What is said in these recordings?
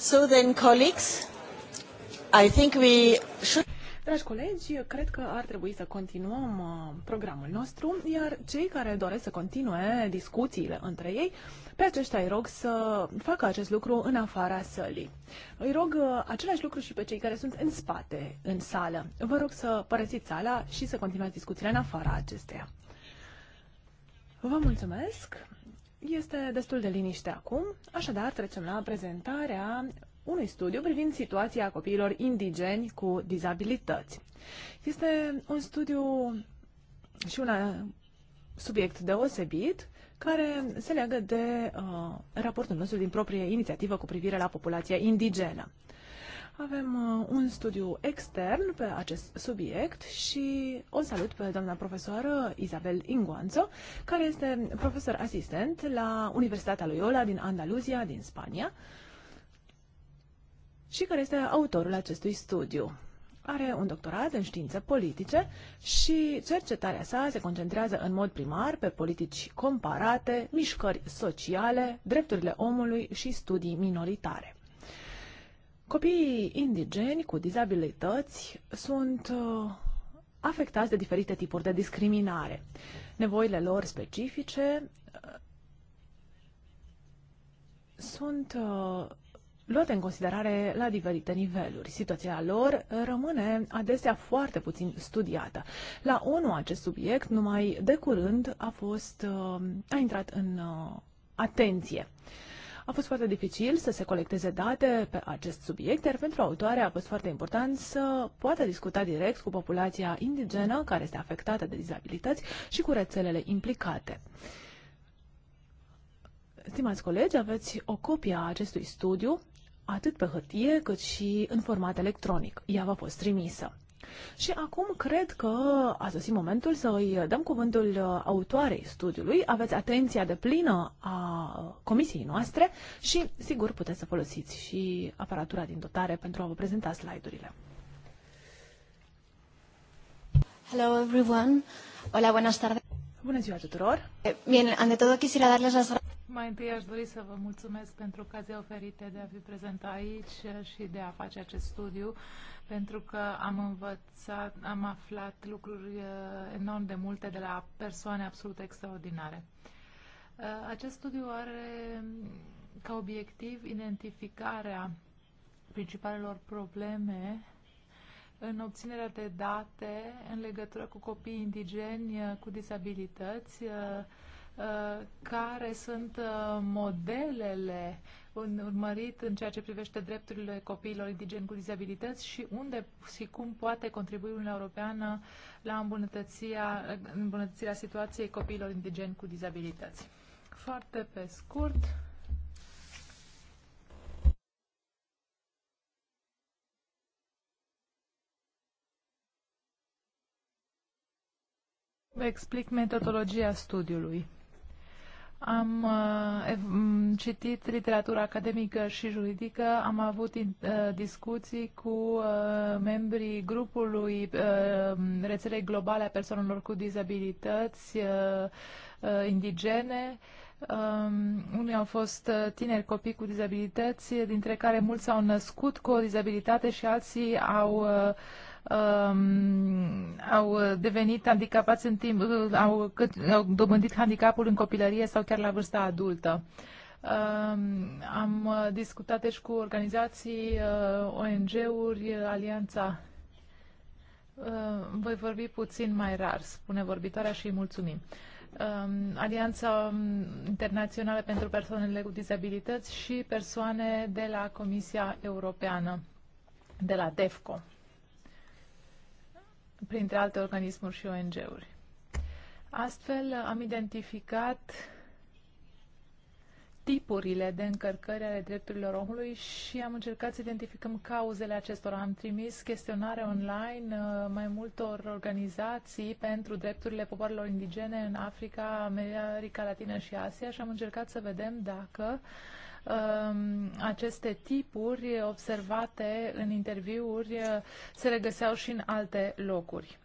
So then, colleagues, I think we should... Dragi colegi, cred că ar trebui să continuăm uh, programul nostru, iar cei care doresc să continue discuțiile între ei, pe aceștia îi rog să facă acest lucru în afara sălii. Îi rog uh, același lucru și pe cei care sunt în spate, în sală. Vă rog să părăsiți sala și să continuați discuțiile în afara acesteia. Vă mulțumesc! Este destul de liniște acum, așadar trecem la prezentarea unui studiu privind situația copiilor indigeni cu dizabilități. Este un studiu și un subiect deosebit care se leagă de uh, raportul nostru din proprie inițiativă cu privire la populația indigenă. Avem uh, un studiu extern pe acest subiect și o salut pe doamna profesoară Isabel Inguanzo, care este profesor asistent la Universitatea Loyola din Andaluzia, din Spania, și care este autorul acestui studiu. Are un doctorat în științe politice și cercetarea sa se concentrează în mod primar pe politici comparate, mișcări sociale, drepturile omului și studii minoritare. Copiii indigeni cu dizabilități sunt uh, afectați de diferite tipuri de discriminare. Nevoile lor specifice uh, sunt uh, luate în considerare la diferite niveluri. Situația lor rămâne adesea foarte puțin studiată. La ONU acest subiect numai de curând a fost a intrat în atenție. A fost foarte dificil să se colecteze date pe acest subiect, iar pentru autoare a fost foarte important să poată discuta direct cu populația indigenă care este afectată de dizabilități și cu rețelele implicate. Stimați colegi, aveți o copie a acestui studiu, atât pe hârtie cât și în format electronic. Ea v-a fost trimisă. Și acum cred că a sosit momentul să îi dăm cuvântul uh, autoarei studiului. Aveți atenția de plină a uh, comisiei noastre și, sigur, puteți să folosiți și aparatura din dotare pentru a vă prezenta slide-urile. Hello everyone. Hola, buenas tardes. Bună ziua tuturor. Eh, bien, ante todo quisiera darles las gracias. Mai întâi aș dori să vă mulțumesc pentru ocazia oferită de a fi prezentat aici și de a face acest studiu pentru că am învățat, am aflat lucruri uh, enorm de multe de la persoane absolut extraordinare. Uh, acest studiu are ca obiectiv identificarea principalelor probleme în obținerea de date în legătură cu copiii indigeni uh, cu disabilități Uh, care sunt uh, modelele în urmărit în ceea ce privește drepturile copiilor indigeni cu dizabilități și unde și cum poate contribui Uniunea Europeană la îmbunătățirea, îmbunătățirea situației copiilor indigeni cu dizabilități. Foarte pe scurt. Vă explic metodologia studiului. Am uh, citit literatura academică și juridică, am avut uh, discuții cu uh, membrii grupului uh, rețelei globale a persoanelor cu dizabilități uh, uh, indigene. Um, unii au fost uh, tineri copii cu dizabilități, dintre care mulți au născut cu o dizabilitate și alții au uh, Um, au devenit handicapați în timp, au, cât, au dobândit handicapul în copilărie sau chiar la vârsta adultă. Um, am discutat și cu organizații, uh, ONG-uri, Alianța. Uh, voi vorbi puțin mai rar, spune vorbitoarea și îi mulțumim. Um, Alianța Internațională pentru Persoanele cu Dizabilități și persoane de la Comisia Europeană, de la DEFCO printre alte organismuri și ONG-uri. Astfel am identificat tipurile de încărcări ale drepturilor omului și am încercat să identificăm cauzele acestora. Am trimis chestionare online uh, mai multor organizații pentru drepturile popoarelor indigene în Africa, America Latină și Asia și am încercat să vedem dacă uh, Ehm, aceste tipuri observate în interviuri eh, se regăseau și în alte locuri.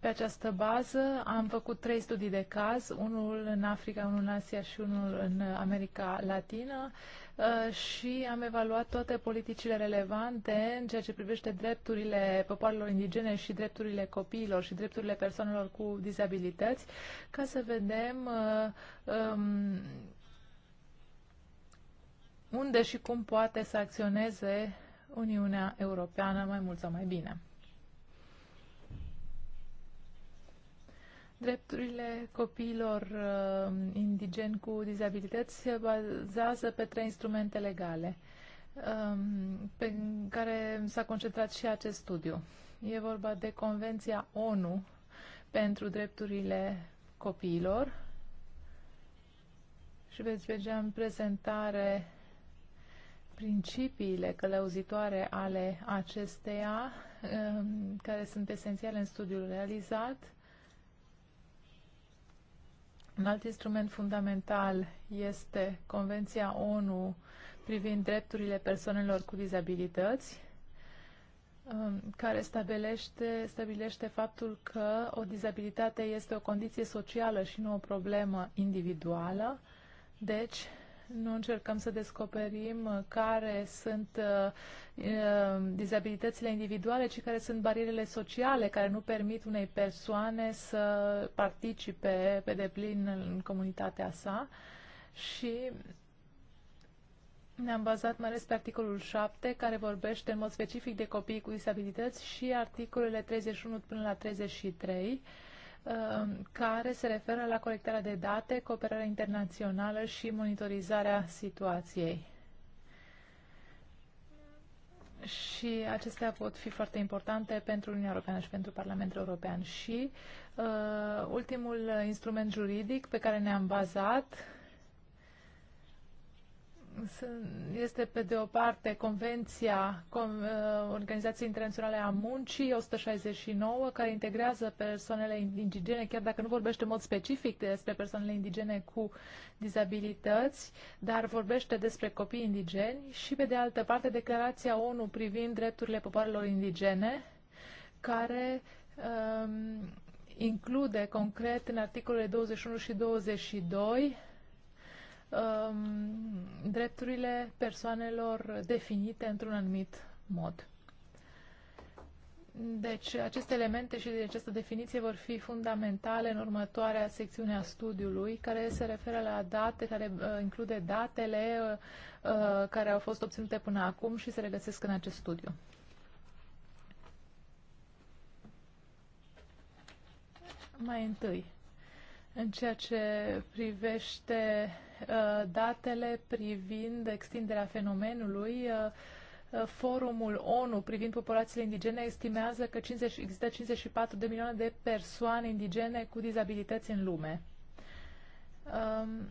Pe această bază am făcut trei studii de caz, unul în Africa, unul în Asia și unul în America Latină eh, și am evaluat toate politicile relevante în ceea ce privește drepturile popoarelor indigene și drepturile copiilor și drepturile persoanelor cu dizabilități ca să vedem um, unde și cum poate să acționeze Uniunea Europeană mai mult sau mai bine. Drepturile copiilor uh, indigeni cu dizabilități se bazează pe trei instrumente legale um, pe care s-a concentrat și acest studiu. E vorba de Convenția ONU pentru drepturile copiilor și veți vedea în prezentare principiile călăuzitoare ale acesteia, um, care sunt esențiale în studiul realizat. Un alt instrument fundamental este Convenția ONU privind drepturile persoanelor cu dizabilități, um, care stabilește, stabilește faptul că o dizabilitate este o condiție socială și nu o problemă individuală. Deci, nu încercăm să descoperim uh, care sunt uh, uh, dizabilitățile individuale, ci care sunt barierele sociale care nu permit unei persoane să participe pe deplin în comunitatea sa. Și ne-am bazat mai ales pe articolul 7, care vorbește în mod specific de copiii cu disabilități și articolele 31 până la 33, Uh, care se referă la colectarea de date, cooperarea internațională și monitorizarea situației. Și acestea pot fi foarte importante pentru Uniunea Europeană și pentru Parlamentul European. Și uh, ultimul instrument juridic pe care ne-am bazat este pe de o parte Convenția uh, Organizației Internaționale a Muncii 169, care integrează persoanele indigene, chiar dacă nu vorbește în mod specific despre persoanele indigene cu dizabilități, dar vorbește despre copii indigeni și pe de altă parte Declarația ONU privind drepturile popoarelor indigene, care um, include concret în articolele 21 și 22 Um, drepturile persoanelor definite într-un anumit mod. Deci, aceste elemente și această definiție vor fi fundamentale în următoarea secțiune a studiului, care se referă la date, care uh, include datele uh, uh care au fost obținute până acum și se regăsesc în acest studiu. Mai întâi, în ceea ce privește uh, Uh, datele privind extinderea fenomenului. Uh, uh, forumul ONU privind populațiile indigene estimează că 50, există 54 de milioane de persoane indigene cu dizabilități în lume. Um,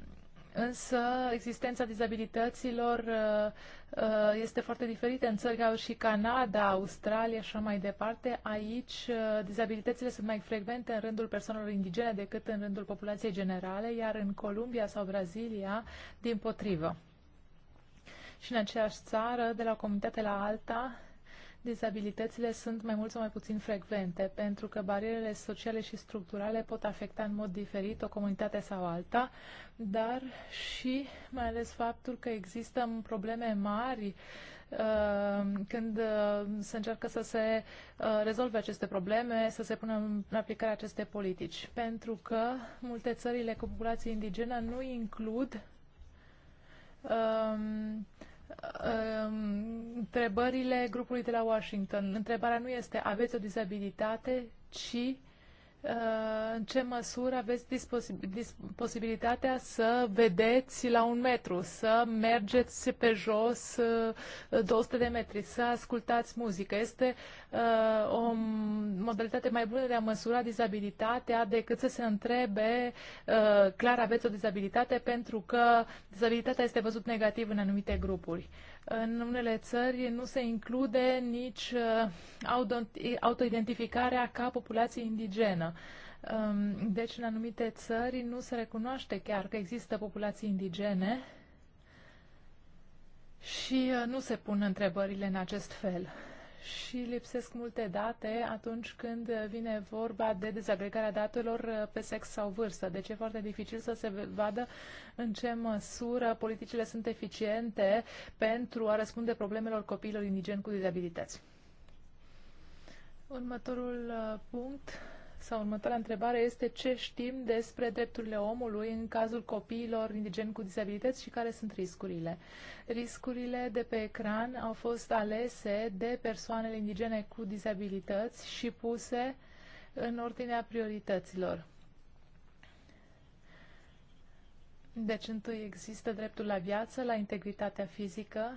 Însă existența dizabilităților uh, uh, este foarte diferită în țări ca și Canada, Australia și așa mai departe. Aici uh, dizabilitățile sunt mai frecvente în rândul persoanelor indigene decât în rândul populației generale, iar în Columbia sau Brazilia, din potrivă. Și în aceeași țară, de la o comunitate la alta, dizabilitățile sunt mai mult sau mai puțin frecvente, pentru că barierele sociale și structurale pot afecta în mod diferit o comunitate sau alta, dar și mai ales faptul că există probleme mari uh, când uh, se încearcă să se uh, rezolve aceste probleme, să se pună în aplicare aceste politici. Pentru că multe țările cu populație indigenă nu includ um, întrebările grupului de la Washington. Întrebarea nu este aveți o dizabilitate, ci Uh, în ce măsură aveți posibilitatea să vedeți la un metru, să mergeți pe jos 200 uh, de metri, să ascultați muzică. Este uh, o modalitate mai bună de a măsura dizabilitatea decât să se întrebe clar aveți o dizabilitate pentru că dizabilitatea este văzut negativ în anumite grupuri. În unele țări nu se include nici autoidentificarea ca populație indigenă deci, în anumite țări nu se recunoaște chiar că există populații indigene și uh, nu se pun întrebările în acest fel. Și lipsesc multe date atunci când vine vorba de dezagregarea datelor uh, pe sex sau vârstă. Deci e foarte dificil să se vadă în ce măsură politicile sunt eficiente pentru a răspunde problemelor copiilor indigeni cu dizabilități. Următorul uh, punct sau următoarea întrebare este ce știm despre drepturile omului în cazul copiilor indigeni cu dizabilități și care sunt riscurile. Riscurile de pe ecran au fost alese de persoanele indigene cu dizabilități și puse în ordinea priorităților. Deci, întâi există dreptul la viață, la integritatea fizică,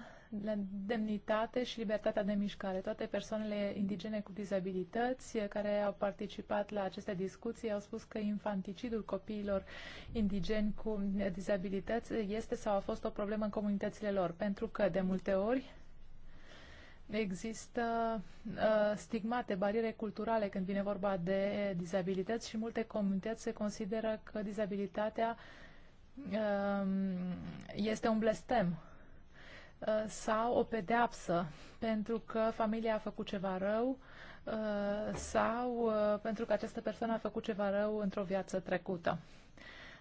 demnitate și libertatea de mișcare. Toate persoanele indigene cu dizabilități eh, care au participat la aceste discuții au spus că infanticidul copiilor indigeni cu eh, dizabilități eh, este sau a fost o problemă în comunitățile lor, pentru că de multe ori există uh, stigmate, bariere culturale când vine vorba de dizabilități și multe comunități se consideră că dizabilitatea uh, este un blestem sau o pedeapsă pentru că familia a făcut ceva rău uh, sau uh, pentru că această persoană a făcut ceva rău într-o viață trecută.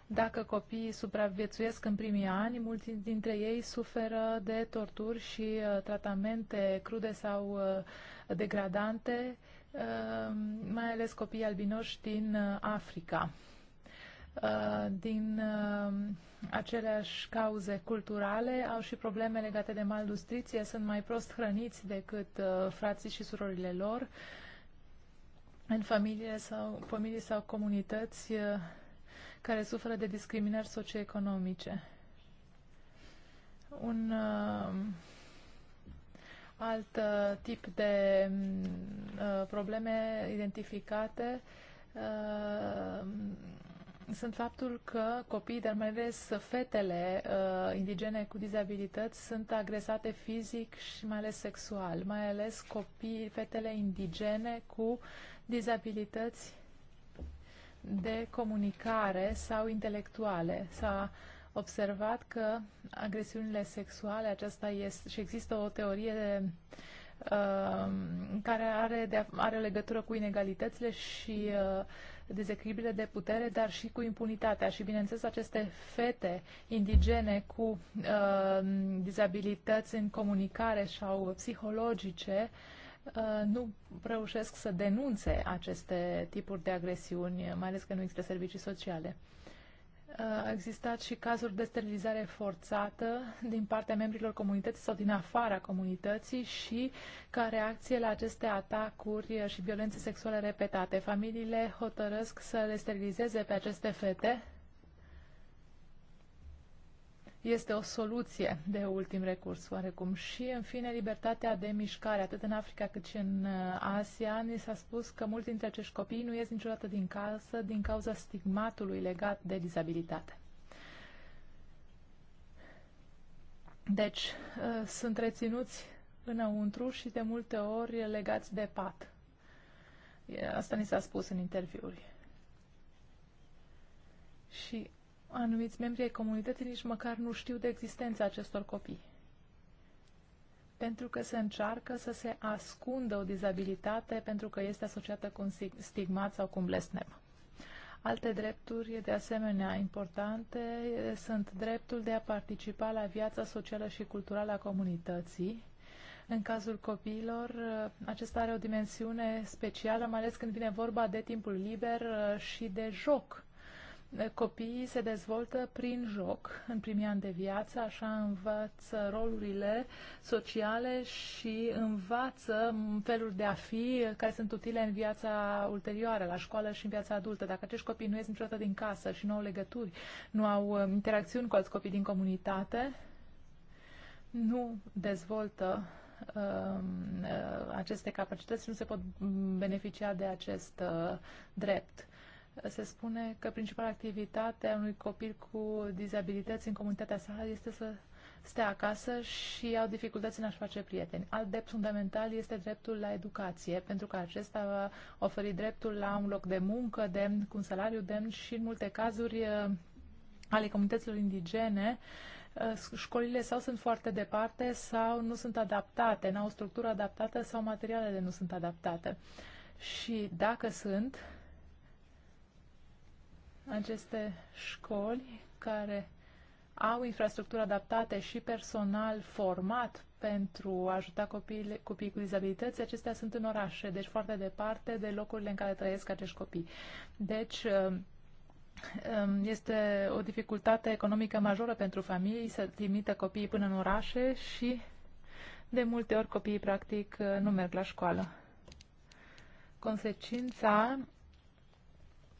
Dacă copiii supraviețuiesc în primii ani, mulți dintre ei suferă de torturi și uh, tratamente crude sau degradante, mai ales copiii albinoși din Africa. Din aceleași cauze culturale, au și probleme legate de malnutriție, sunt mai prost hrăniți decât uh, frații și surorile lor. În familie sau, familii sau comunități uh, care suferă de discriminări socioeconomice. Un uh, alt uh, tip de mm, uh, probleme identificate uh, sunt faptul că copiii, dar mai ales fetele uh, indigene cu dizabilități, sunt agresate fizic și mai ales sexual, mai ales copii, fetele indigene cu dizabilități de comunicare sau intelectuale. S-a observat că agresiunile sexuale, aceasta este, și există o teorie de, uh, care are, de, are legătură cu inegalitățile și uh, dezechilibrele de putere, dar și cu impunitatea. Și, bineînțeles, aceste fete indigene cu uh, dizabilități în comunicare sau psihologice uh, nu reușesc să denunțe aceste tipuri de agresiuni, mai ales că nu există servicii sociale. Au existat și cazuri de sterilizare forțată din partea membrilor comunității sau din afara comunității și ca reacție la aceste atacuri și violențe sexuale repetate. Familiile hotărăsc să le sterilizeze pe aceste fete este o soluție de ultim recurs, oarecum. Și, în fine, libertatea de mișcare, atât în Africa cât și în uh, Asia, ni s-a spus că mulți dintre acești copii nu ies niciodată din casă din cauza stigmatului legat de dizabilitate. Deci, uh, sunt reținuți înăuntru și de multe ori legați de pat. Asta ni s-a spus în interviuri. Și anumiți membri ai comunității nici măcar nu știu de existența acestor copii. Pentru că se încearcă să se ascundă o dizabilitate pentru că este asociată cu un stigmat sau cu un blestem. Alte drepturi, de asemenea importante, sunt dreptul de a participa la viața socială și culturală a comunității. În cazul copiilor, acesta are o dimensiune specială, mai ales când vine vorba de timpul liber uh, și de joc copiii se dezvoltă prin joc în primii ani de viață, așa învață rolurile sociale și învață feluri de a fi care sunt utile în viața ulterioară, la școală și în viața adultă. Dacă acești copii nu ies niciodată din casă și nu au legături, nu au um, interacțiuni cu alți copii din comunitate, nu dezvoltă um, uh, aceste capacități și nu se pot mm, beneficia de acest uh, drept se spune că principala activitate a unui copil cu dizabilități în comunitatea sa este să stea acasă și au dificultăți în a-și face prieteni. Alt drept fundamental este dreptul la educație, pentru că acesta va oferi dreptul la un loc de muncă demn, cu un salariu demn și, în multe cazuri, ale comunităților indigene, uh, școlile sau sunt foarte departe sau nu sunt adaptate, n-au structură adaptată sau materialele nu sunt adaptate. Și dacă sunt, aceste școli care au infrastructură adaptate și personal format pentru a ajuta copiii, copiii cu dizabilități, acestea sunt în orașe, deci foarte departe de locurile în care trăiesc acești copii. Deci, um, um, este o dificultate economică majoră pentru familii să trimită copiii până în orașe și de multe ori copiii practic nu merg la școală. Consecința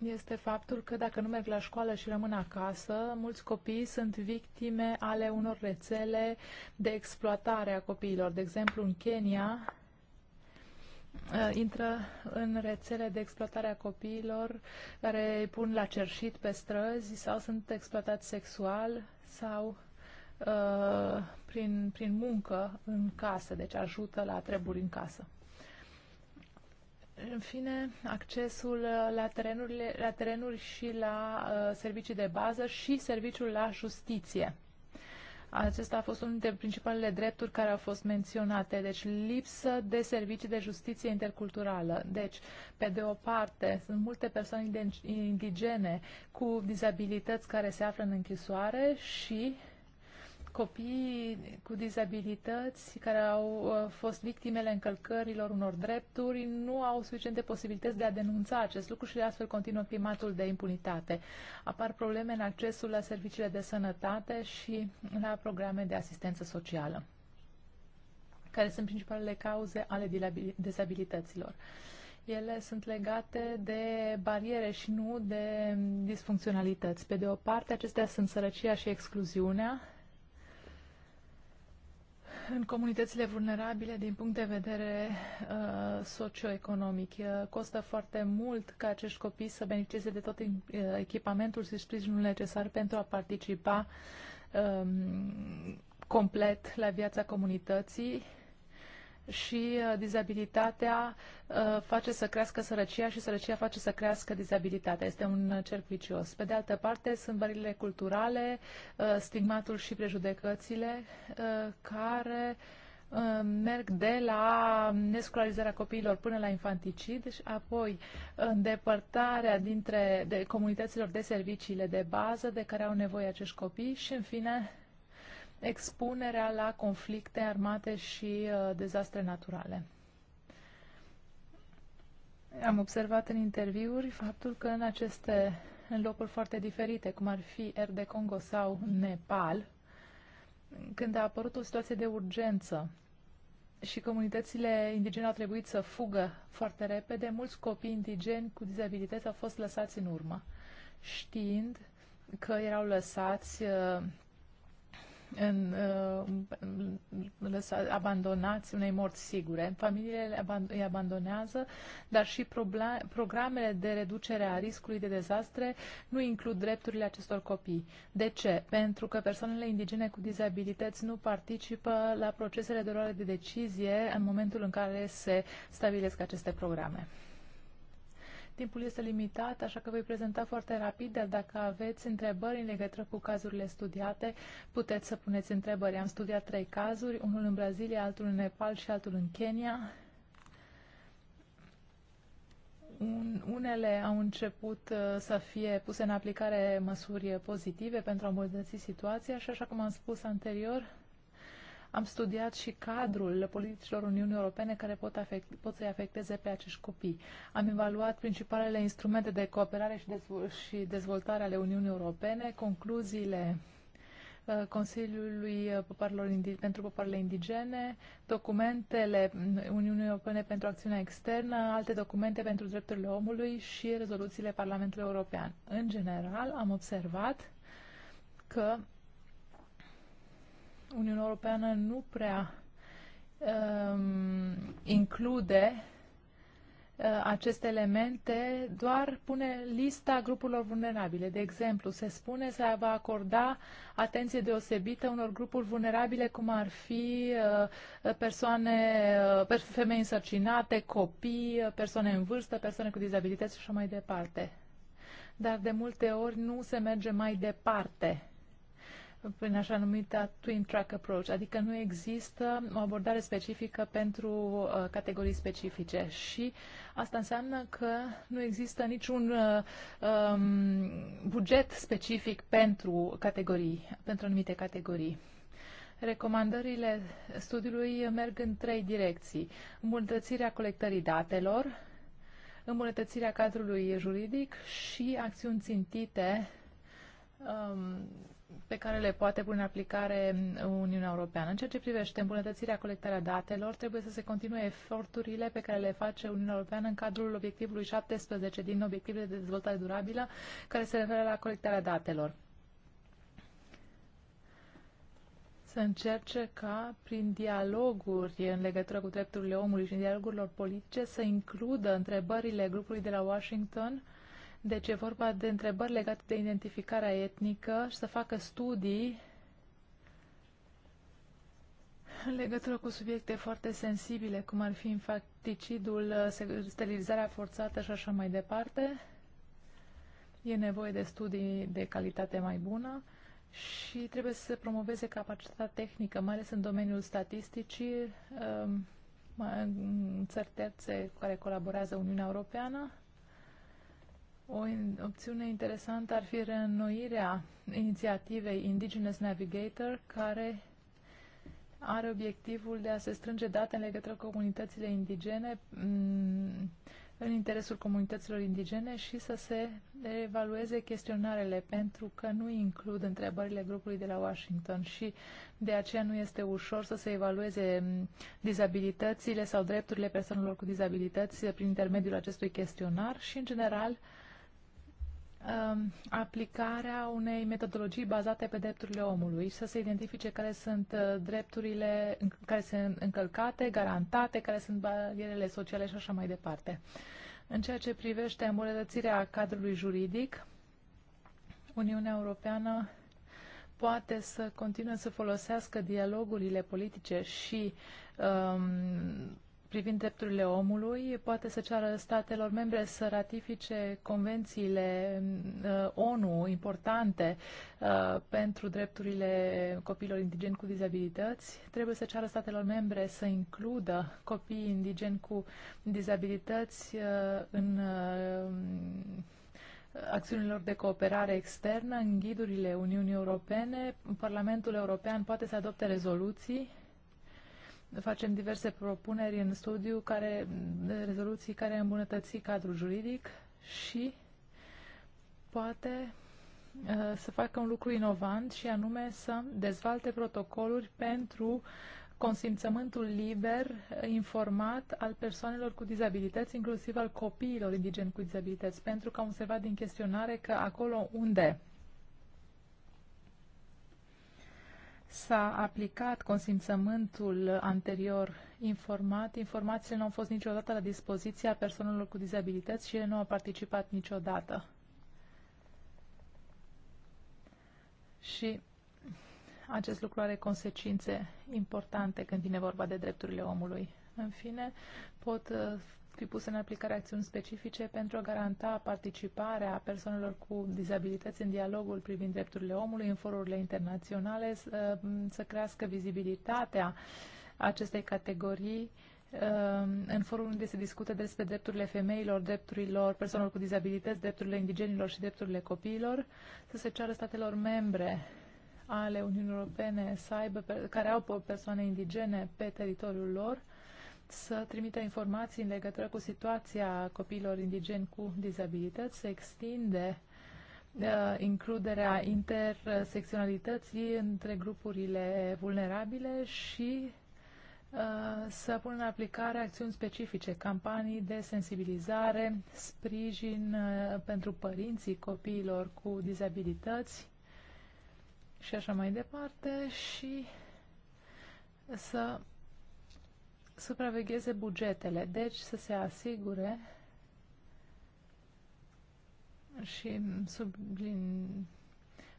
este faptul că dacă nu merg la școală și rămân acasă, mulți copii sunt victime ale unor rețele de exploatare a copiilor. De exemplu, în Kenya uh, intră în rețele de exploatare a copiilor care îi pun la cerșit pe străzi sau sunt exploatați sexual sau uh, prin, prin muncă în casă, deci ajută la treburi în casă. În fine, accesul la, terenuri, la terenuri și la uh, servicii de bază și serviciul la justiție. Acesta a fost unul dintre principalele drepturi care au fost menționate, deci lipsă de servicii de justiție interculturală. Deci, pe de o parte, sunt multe persoane indigene cu dizabilități care se află în închisoare și copii cu dizabilități care au uh, fost victimele încălcărilor unor drepturi nu au suficiente posibilități de a denunța acest lucru și astfel continuă climatul de impunitate. Apar probleme în accesul la serviciile de sănătate și la programe de asistență socială, care sunt principalele cauze ale dizabilităților ele sunt legate de bariere și nu de disfuncționalități. Pe de o parte, acestea sunt sărăcia și excluziunea, în comunitățile vulnerabile din punct de vedere uh, socioeconomic. Uh, costă foarte mult ca acești copii să beneficieze de tot uh, echipamentul și sprijinul necesar pentru a participa uh, complet la viața comunității și uh, dizabilitatea uh, face să crească sărăcia și sărăcia face să crească dizabilitatea. Este un uh, cerc vicios. Pe de altă parte, sunt bările culturale, stigmatul și prejudecățile care merg de la nescolarizarea copiilor până la infanticid și apoi îndepărtarea dintre de comunităților de serviciile de bază de care au nevoie acești copii și în fine expunerea la conflicte armate și uh, dezastre naturale. Am observat în interviuri faptul că în aceste în locuri foarte diferite, cum ar fi R de Congo sau Nepal, când a apărut o situație de urgență și comunitățile indigene au trebuit să fugă foarte repede, mulți copii indigeni cu dizabilități au fost lăsați în urmă, știind că erau lăsați uh, în, uh, lăsa, abandonați unei morți sigure. Familiile îi abandonează, dar și programele de reducere a riscului de dezastre nu includ drepturile acestor copii. De ce? Pentru că persoanele indigene cu dizabilități nu participă la procesele de luare de decizie în momentul în care se stabilesc aceste programe. Timpul este limitat, așa că voi prezenta foarte rapid, dar dacă aveți întrebări în legătură cu cazurile studiate, puteți să puneți întrebări. Am studiat trei cazuri, unul în Brazilia, altul în Nepal și altul în Kenya. Unele au început uh, să fie puse în aplicare măsuri pozitive pentru a îmbunătăți situația și, așa cum am spus anterior, am studiat și cadrul politicilor Uniunii Europene care pot, afect, pot să-i afecteze pe acești copii. Am evaluat principalele instrumente de cooperare și, dezvol- și dezvoltare ale Uniunii Europene, concluziile uh, Consiliului uh, Popoarelor pentru Popoarele Indigene, documentele Uniunii Europene pentru Acțiunea Externă, alte documente pentru drepturile omului și rezoluțiile Parlamentului European. În general, am observat că Uniunea Europeană nu prea um, include uh, aceste elemente, doar pune lista grupurilor vulnerabile. De exemplu, se spune să va acorda atenție deosebită unor grupuri vulnerabile, cum ar fi uh, persoane, uh, femei însărcinate, copii, uh, persoane în vârstă, persoane cu dizabilități și așa mai departe. Dar de multe ori nu se merge mai departe prin așa numita twin track approach, adică nu există o abordare specifică pentru uh, categorii specifice și asta înseamnă că nu există niciun uh, um, buget specific pentru categorii, pentru anumite categorii. Recomandările studiului merg în trei direcții. Îmbunătățirea colectării datelor, îmbunătățirea cadrului juridic și acțiuni țintite um, pe care le poate pune în aplicare Uniunea Europeană. În ceea ce privește îmbunătățirea colectarea datelor, trebuie să se continue eforturile pe care le face Uniunea Europeană în cadrul obiectivului 17 din obiectivele de dezvoltare durabilă, care se referă la colectarea datelor. Să încerce ca, prin dialoguri în legătură cu drepturile omului și în dialogurilor politice, să includă întrebările grupului de la Washington deci e vorba de întrebări legate de identificarea etnică și să facă studii în legătură cu subiecte foarte sensibile, cum ar fi infacticidul, sterilizarea forțată și așa mai departe. E nevoie de studii de calitate mai bună și trebuie să se promoveze capacitatea tehnică, mai ales în domeniul statisticii, um, în țări terțe cu care colaborează Uniunea Europeană o opțiune interesantă ar fi reînnoirea inițiativei Indigenous Navigator, care are obiectivul de a se strânge date în legătură cu comunitățile indigene mm, în interesul comunităților indigene și să se evalueze chestionarele, pentru că nu includ întrebările grupului de la Washington și de aceea nu este ușor să se evalueze mm, dizabilitățile sau drepturile persoanelor cu dizabilități prin intermediul acestui chestionar și, în general, Um, aplicarea unei metodologii bazate pe drepturile omului, să se identifice care sunt uh, drepturile care sunt încălcate, garantate, care sunt barierele sociale și așa mai departe. În ceea ce privește îmbunătățirea cadrului juridic, Uniunea Europeană poate să continue să folosească dialogurile politice și um, privind drepturile omului poate să ceară statelor membre să ratifice convențiile uh, ONU importante uh, pentru drepturile copiilor indigeni cu dizabilități. Trebuie să ceară statelor membre să includă copiii indigeni cu dizabilități uh, în acțiunilor de cooperare externă în ghidurile Uniunii Europene. Parlamentul European poate să adopte rezoluții facem diverse propuneri în studiu care, de rezoluții care îmbunătăți cadrul juridic și poate uh, să facă un lucru inovant și anume să dezvalte protocoluri pentru consimțământul liber, informat al persoanelor cu dizabilități, inclusiv al copiilor indigeni cu dizabilități, pentru că am observat din chestionare că acolo unde s-a aplicat consimțământul anterior informat. Informațiile nu au fost niciodată la dispoziția persoanelor cu dizabilități și ele nu au participat niciodată. Și acest lucru are consecințe importante când vine vorba de drepturile omului. În fine, pot uh, fi puse în aplicare acțiuni specifice pentru a garanta participarea persoanelor cu dizabilități în dialogul privind drepturile omului în forurile internaționale, să, să crească vizibilitatea acestei categorii um, în forul unde se discută despre drepturile femeilor, drepturilor persoanelor cu dizabilități, drepturile indigenilor și drepturile copiilor, să se ceară statelor membre ale Uniunii Europene să aibă, care au persoane indigene pe teritoriul lor, să trimită informații în legătură cu situația copiilor indigeni cu dizabilități, se extinde uh, includerea intersecționalității între grupurile vulnerabile și uh, să pună în aplicare acțiuni specifice, campanii de sensibilizare, sprijin uh, pentru părinții copiilor cu dizabilități și așa mai departe și să supravegheze bugetele, deci să se asigure și sublin,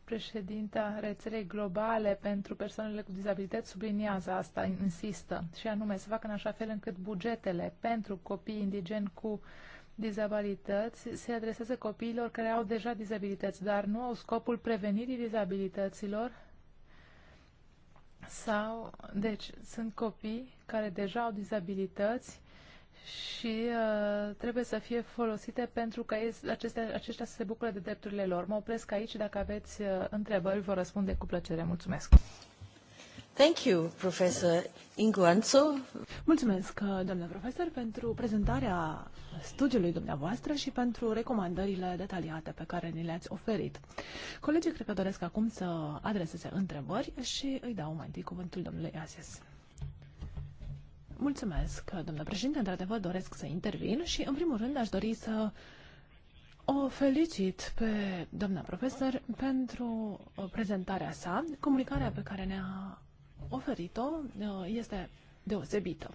președinta rețelei globale pentru persoanele cu dizabilități subliniază asta, insistă, și anume să facă în așa fel încât bugetele pentru copii indigeni cu dizabilități se adresează copiilor care au deja dizabilități, dar nu au scopul prevenirii dizabilităților sau, deci, sunt copii care deja au dizabilități și uh, trebuie să fie folosite pentru ca acestea, aceștia să se bucure de drepturile lor. Mă opresc aici dacă aveți uh, întrebări, vă răspunde cu plăcere. Mulțumesc! Thank you, Professor Inguanzo. Mulțumesc, uh, doamna profesor, pentru prezentarea studiului dumneavoastră și pentru recomandările detaliate pe care ni le-ați oferit. Colegii cred că doresc acum să adreseze întrebări și îi dau mai întâi cuvântul domnului Asias. Mulțumesc, domnule președinte. Într-adevăr, doresc să intervin și, în primul rând, aș dori să o felicit pe doamna profesor pentru uh, prezentarea sa. Comunicarea pe care ne-a oferit-o uh, este deosebită.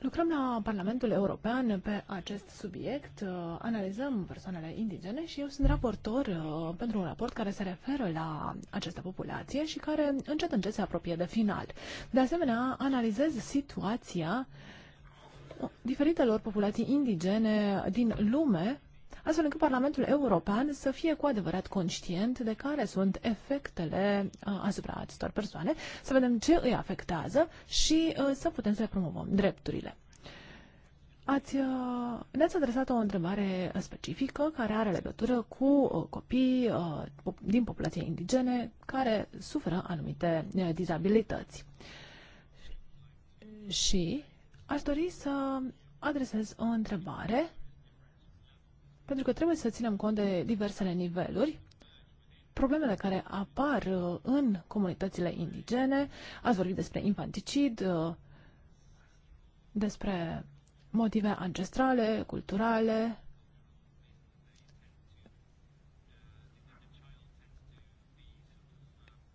Lucrăm la Parlamentul European pe acest subiect, uh, analizăm persoanele indigene și eu sunt raportor uh, pentru un raport care se referă la această populație și care încet încet se apropie de final. De asemenea, analizez situația diferitelor populații indigene din lume astfel încât Parlamentul European să fie cu adevărat conștient de care sunt efectele uh, asupra acestor persoane, să vedem ce îi afectează și uh, să putem să le promovăm drepturile. Ați, uh, ne-ați adresat o întrebare specifică care are legătură cu copii din populație indigene care suferă anumite dizabilități. Și aș dori să adresez o întrebare pentru că trebuie să ținem cont de diversele niveluri, problemele care apar uh, în comunitățile indigene, ați vorbit despre infanticid, uh, despre motive ancestrale, culturale,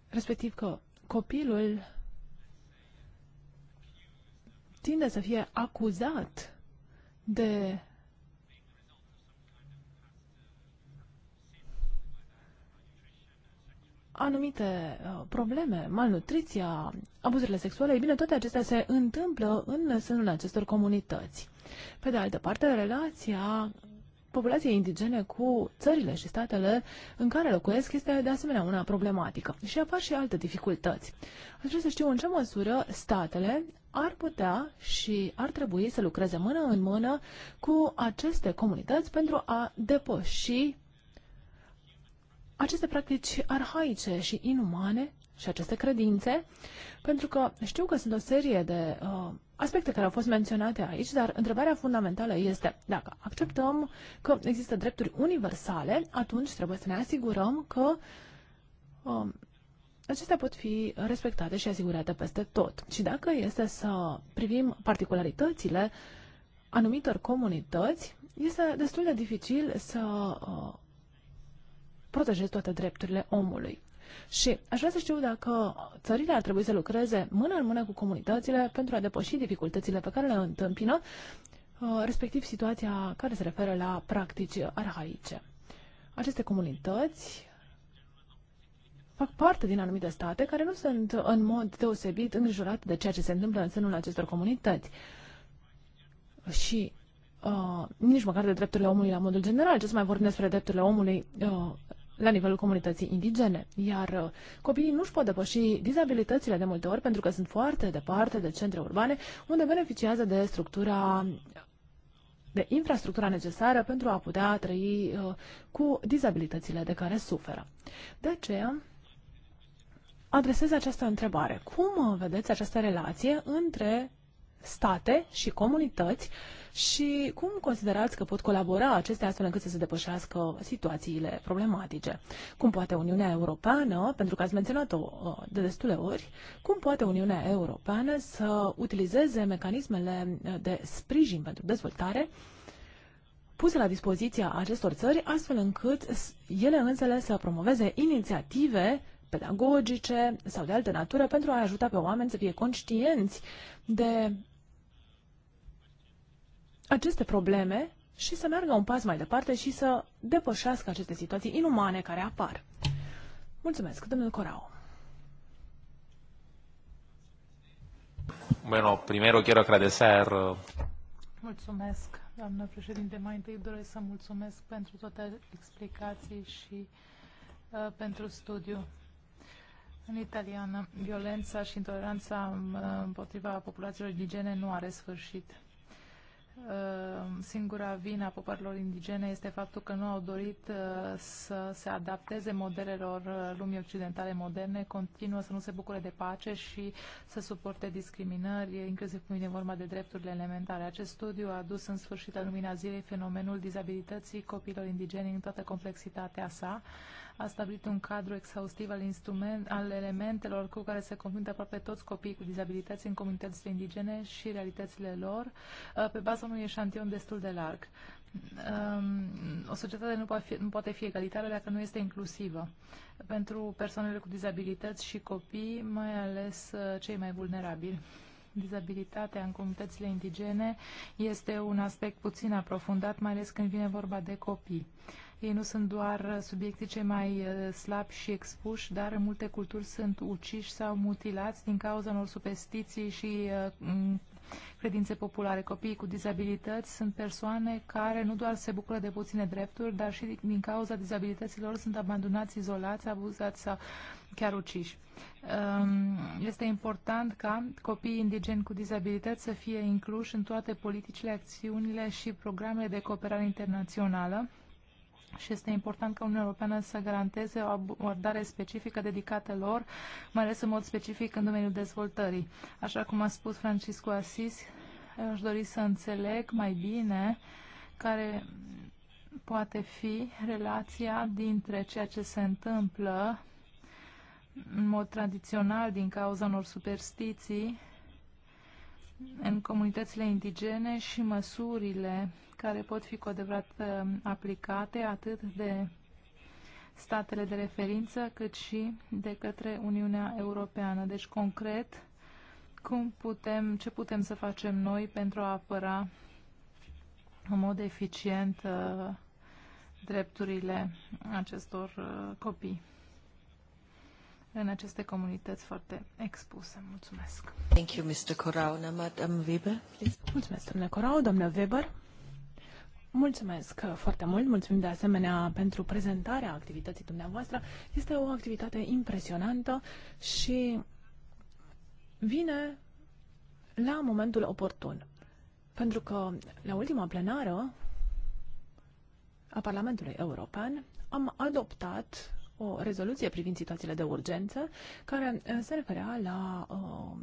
respectiv că copilul tinde să fie acuzat de anumite uh, probleme, malnutriția, abuzurile sexuale, ei bine, toate acestea se întâmplă în sânul acestor comunități. Pe de altă parte, relația populației indigene cu țările și statele în care locuiesc este de asemenea una problematică și apar și alte dificultăți. Aș vrea să știu în ce măsură statele ar putea și ar trebui să lucreze mână în mână cu aceste comunități pentru a depăși aceste practici arhaice și inumane și aceste credințe, pentru că știu că sunt o serie de uh, aspecte care au fost menționate aici, dar întrebarea fundamentală este dacă acceptăm că există drepturi universale, atunci trebuie să ne asigurăm că uh, acestea pot fi respectate și asigurate peste tot. Și dacă este să privim particularitățile anumitor comunități, este destul de dificil să uh, protejezi toate drepturile omului. Și aș vrea să știu dacă țările ar trebui să lucreze mână în mână cu comunitățile pentru a depăși dificultățile pe care le întâmpină, uh, respectiv situația care se referă la practici arhaice. Aceste comunități fac parte din anumite state care nu sunt în mod deosebit îngrijorate de ceea ce se întâmplă în sânul acestor comunități. Și uh, nici măcar de drepturile omului la modul general, ce să mai vorbim despre drepturile omului uh, la nivelul comunității indigene, iar uh, copiii nu-și pot depăși dizabilitățile de multe ori pentru că sunt foarte departe de centre urbane unde beneficiază de structura de infrastructura necesară pentru a putea trăi uh, cu dizabilitățile de care suferă. De aceea, adresez această întrebare. Cum uh, vedeți această relație între state și comunități uh, și cum considerați că pot colabora acestea astfel încât să se depășească situațiile problematice? Cum poate Uniunea Europeană, pentru că ați menționat-o uh, de destule ori, cum poate Uniunea Europeană să utilizeze mecanismele uh, de sprijin pentru dezvoltare puse la dispoziția acestor țări, astfel încât ele însele să promoveze inițiative pedagogice sau de altă natură pentru a ajuta pe oameni să fie conștienți de aceste probleme și să meargă un pas mai departe și să depășească aceste situații inumane care apar. Mulțumesc, domnul Corau. Bueno, primero quiero agradecer. Uh, mulțumesc, doamnă președinte. Mai întâi doresc să mulțumesc pentru toate explicații și uh, pentru studiu. În italiană, violența și intoleranța um, împotriva populațiilor indigene nu are sfârșit. Ehm, singura vină a popoarelor indigene este faptul că nu au dorit eh, să se adapteze modelelor eh, lumii occidentale moderne, continuă să nu se bucure de pace și să suporte discriminări, inclusiv când vine vorba de drepturile elementare. Acest studiu a dus în sfârșit la lumina zilei fenomenul dizabilității copiilor indigeni în toată complexitatea sa a stabilit un cadru exhaustiv al, instrument, al elementelor cu care se confruntă aproape toți copiii cu dizabilități în comunitățile indigene și realitățile lor, uh, pe baza unui eșantion destul de larg. Um, o societate nu poate, fi, nu poate fi egalitară dacă nu este inclusivă. Pentru persoanele cu dizabilități și copii, mai ales uh, cei mai vulnerabili dizabilitatea în comunitățile indigene este un aspect puțin aprofundat, mai ales când vine vorba de copii. Ei nu sunt doar subiecte cei mai uh, slabi și expuși, dar în multe culturi sunt uciși sau mutilați din cauza unor superstiții și uh, credințe populare. Copiii cu dizabilități sunt persoane care nu doar se bucură de puține drepturi, dar și din cauza dizabilităților sunt abandonați, izolați, abuzați sau chiar uciși. Um, este important ca copiii indigeni cu dizabilități să fie incluși în toate politicile, acțiunile și programele de cooperare internațională și este important ca Uniunea Europeană să garanteze o abordare specifică dedicată lor, mai ales în mod specific în domeniul dezvoltării. Așa cum a spus Francisco Asis, aș dori să înțeleg mai bine care poate fi relația dintre ceea ce se întâmplă în mod tradițional din cauza unor superstiții în comunitățile indigene și măsurile care pot fi cu adevărat ă, aplicate atât de statele de referință cât și de către Uniunea Europeană. Deci, concret, cum putem, ce putem să facem noi pentru a apăra în mod eficient ă, drepturile acestor ă, copii în aceste comunități foarte expuse. Mulțumesc. Thank you, Mr. Corau. Madam Weber, please. Mulțumesc, domnule Corau, domnule Weber. Mulțumesc foarte mult, mulțumim de asemenea pentru prezentarea activității dumneavoastră. Este o activitate impresionantă și vine la momentul oportun. Pentru că la ultima plenară a Parlamentului European am adoptat o rezoluție privind situațiile de urgență care uh, se referea la uh,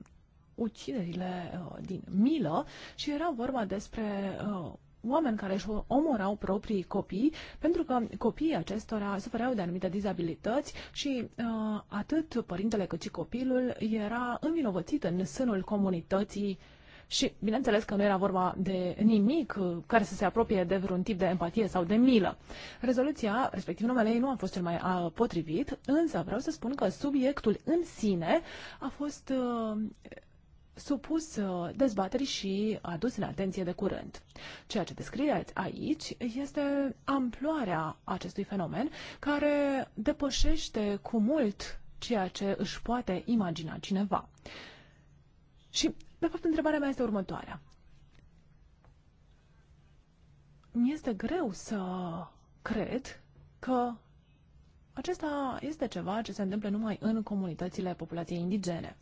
uciderile uh, din milă și era vorba despre uh, oameni care își omorau proprii copii pentru că copiii acestora sufereau de anumite dizabilități și uh, atât părintele cât și copilul era învinovățit în sânul comunității uh, și bineînțeles că nu era vorba de nimic care să se apropie de vreun tip de empatie sau de milă. Rezoluția, respectiv numele ei, nu a fost cel mai potrivit, însă vreau să spun că subiectul în sine a fost uh, supus ă, dezbaterii și adus în atenție de curând. Ceea ce descrieți aici este amploarea acestui fenomen care depășește cu mult ceea ce își poate imagina cineva. Și de fapt, întrebarea mea este următoarea. Mi este greu să cred că acesta este ceva ce se întâmplă numai în comunitățile populației indigene.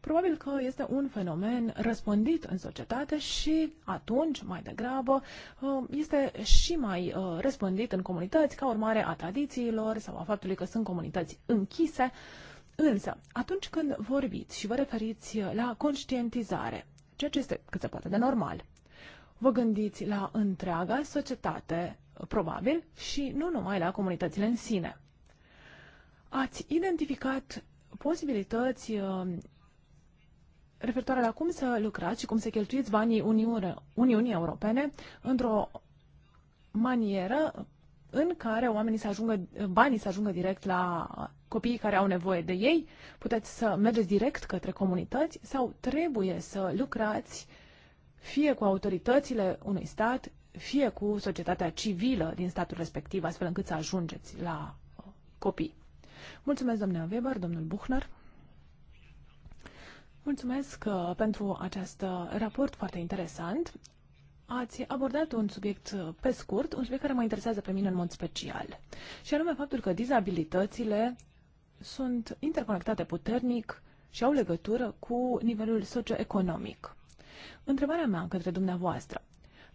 Probabil că este un fenomen răspândit în societate și atunci, mai degrabă, uh, este și mai uh, răspândit în comunități ca urmare a tradițiilor sau a faptului că sunt comunități închise Însă, atunci când vorbiți și vă referiți la conștientizare, ceea ce este cât se poate de normal, vă gândiți la întreaga societate, probabil, și nu numai la comunitățile în sine. Ați identificat posibilități uh, referitoare la cum să lucrați și cum să cheltuiți banii Uniunii Europene într-o manieră în care oamenii să ajungă, banii să ajungă direct la copiii care au nevoie de ei, puteți să mergeți direct către comunități sau trebuie să lucrați fie cu autoritățile unui stat, fie cu societatea civilă din statul respectiv, astfel încât să ajungeți la uh, copii. Mulțumesc, domnule Weber, domnul Buchner. Mulțumesc uh, pentru acest uh, raport foarte interesant ați abordat un subiect uh, pe scurt, un subiect care mă interesează pe mine în mod special, și anume faptul că dizabilitățile sunt interconectate puternic și au legătură cu nivelul socioeconomic. Întrebarea mea către dumneavoastră,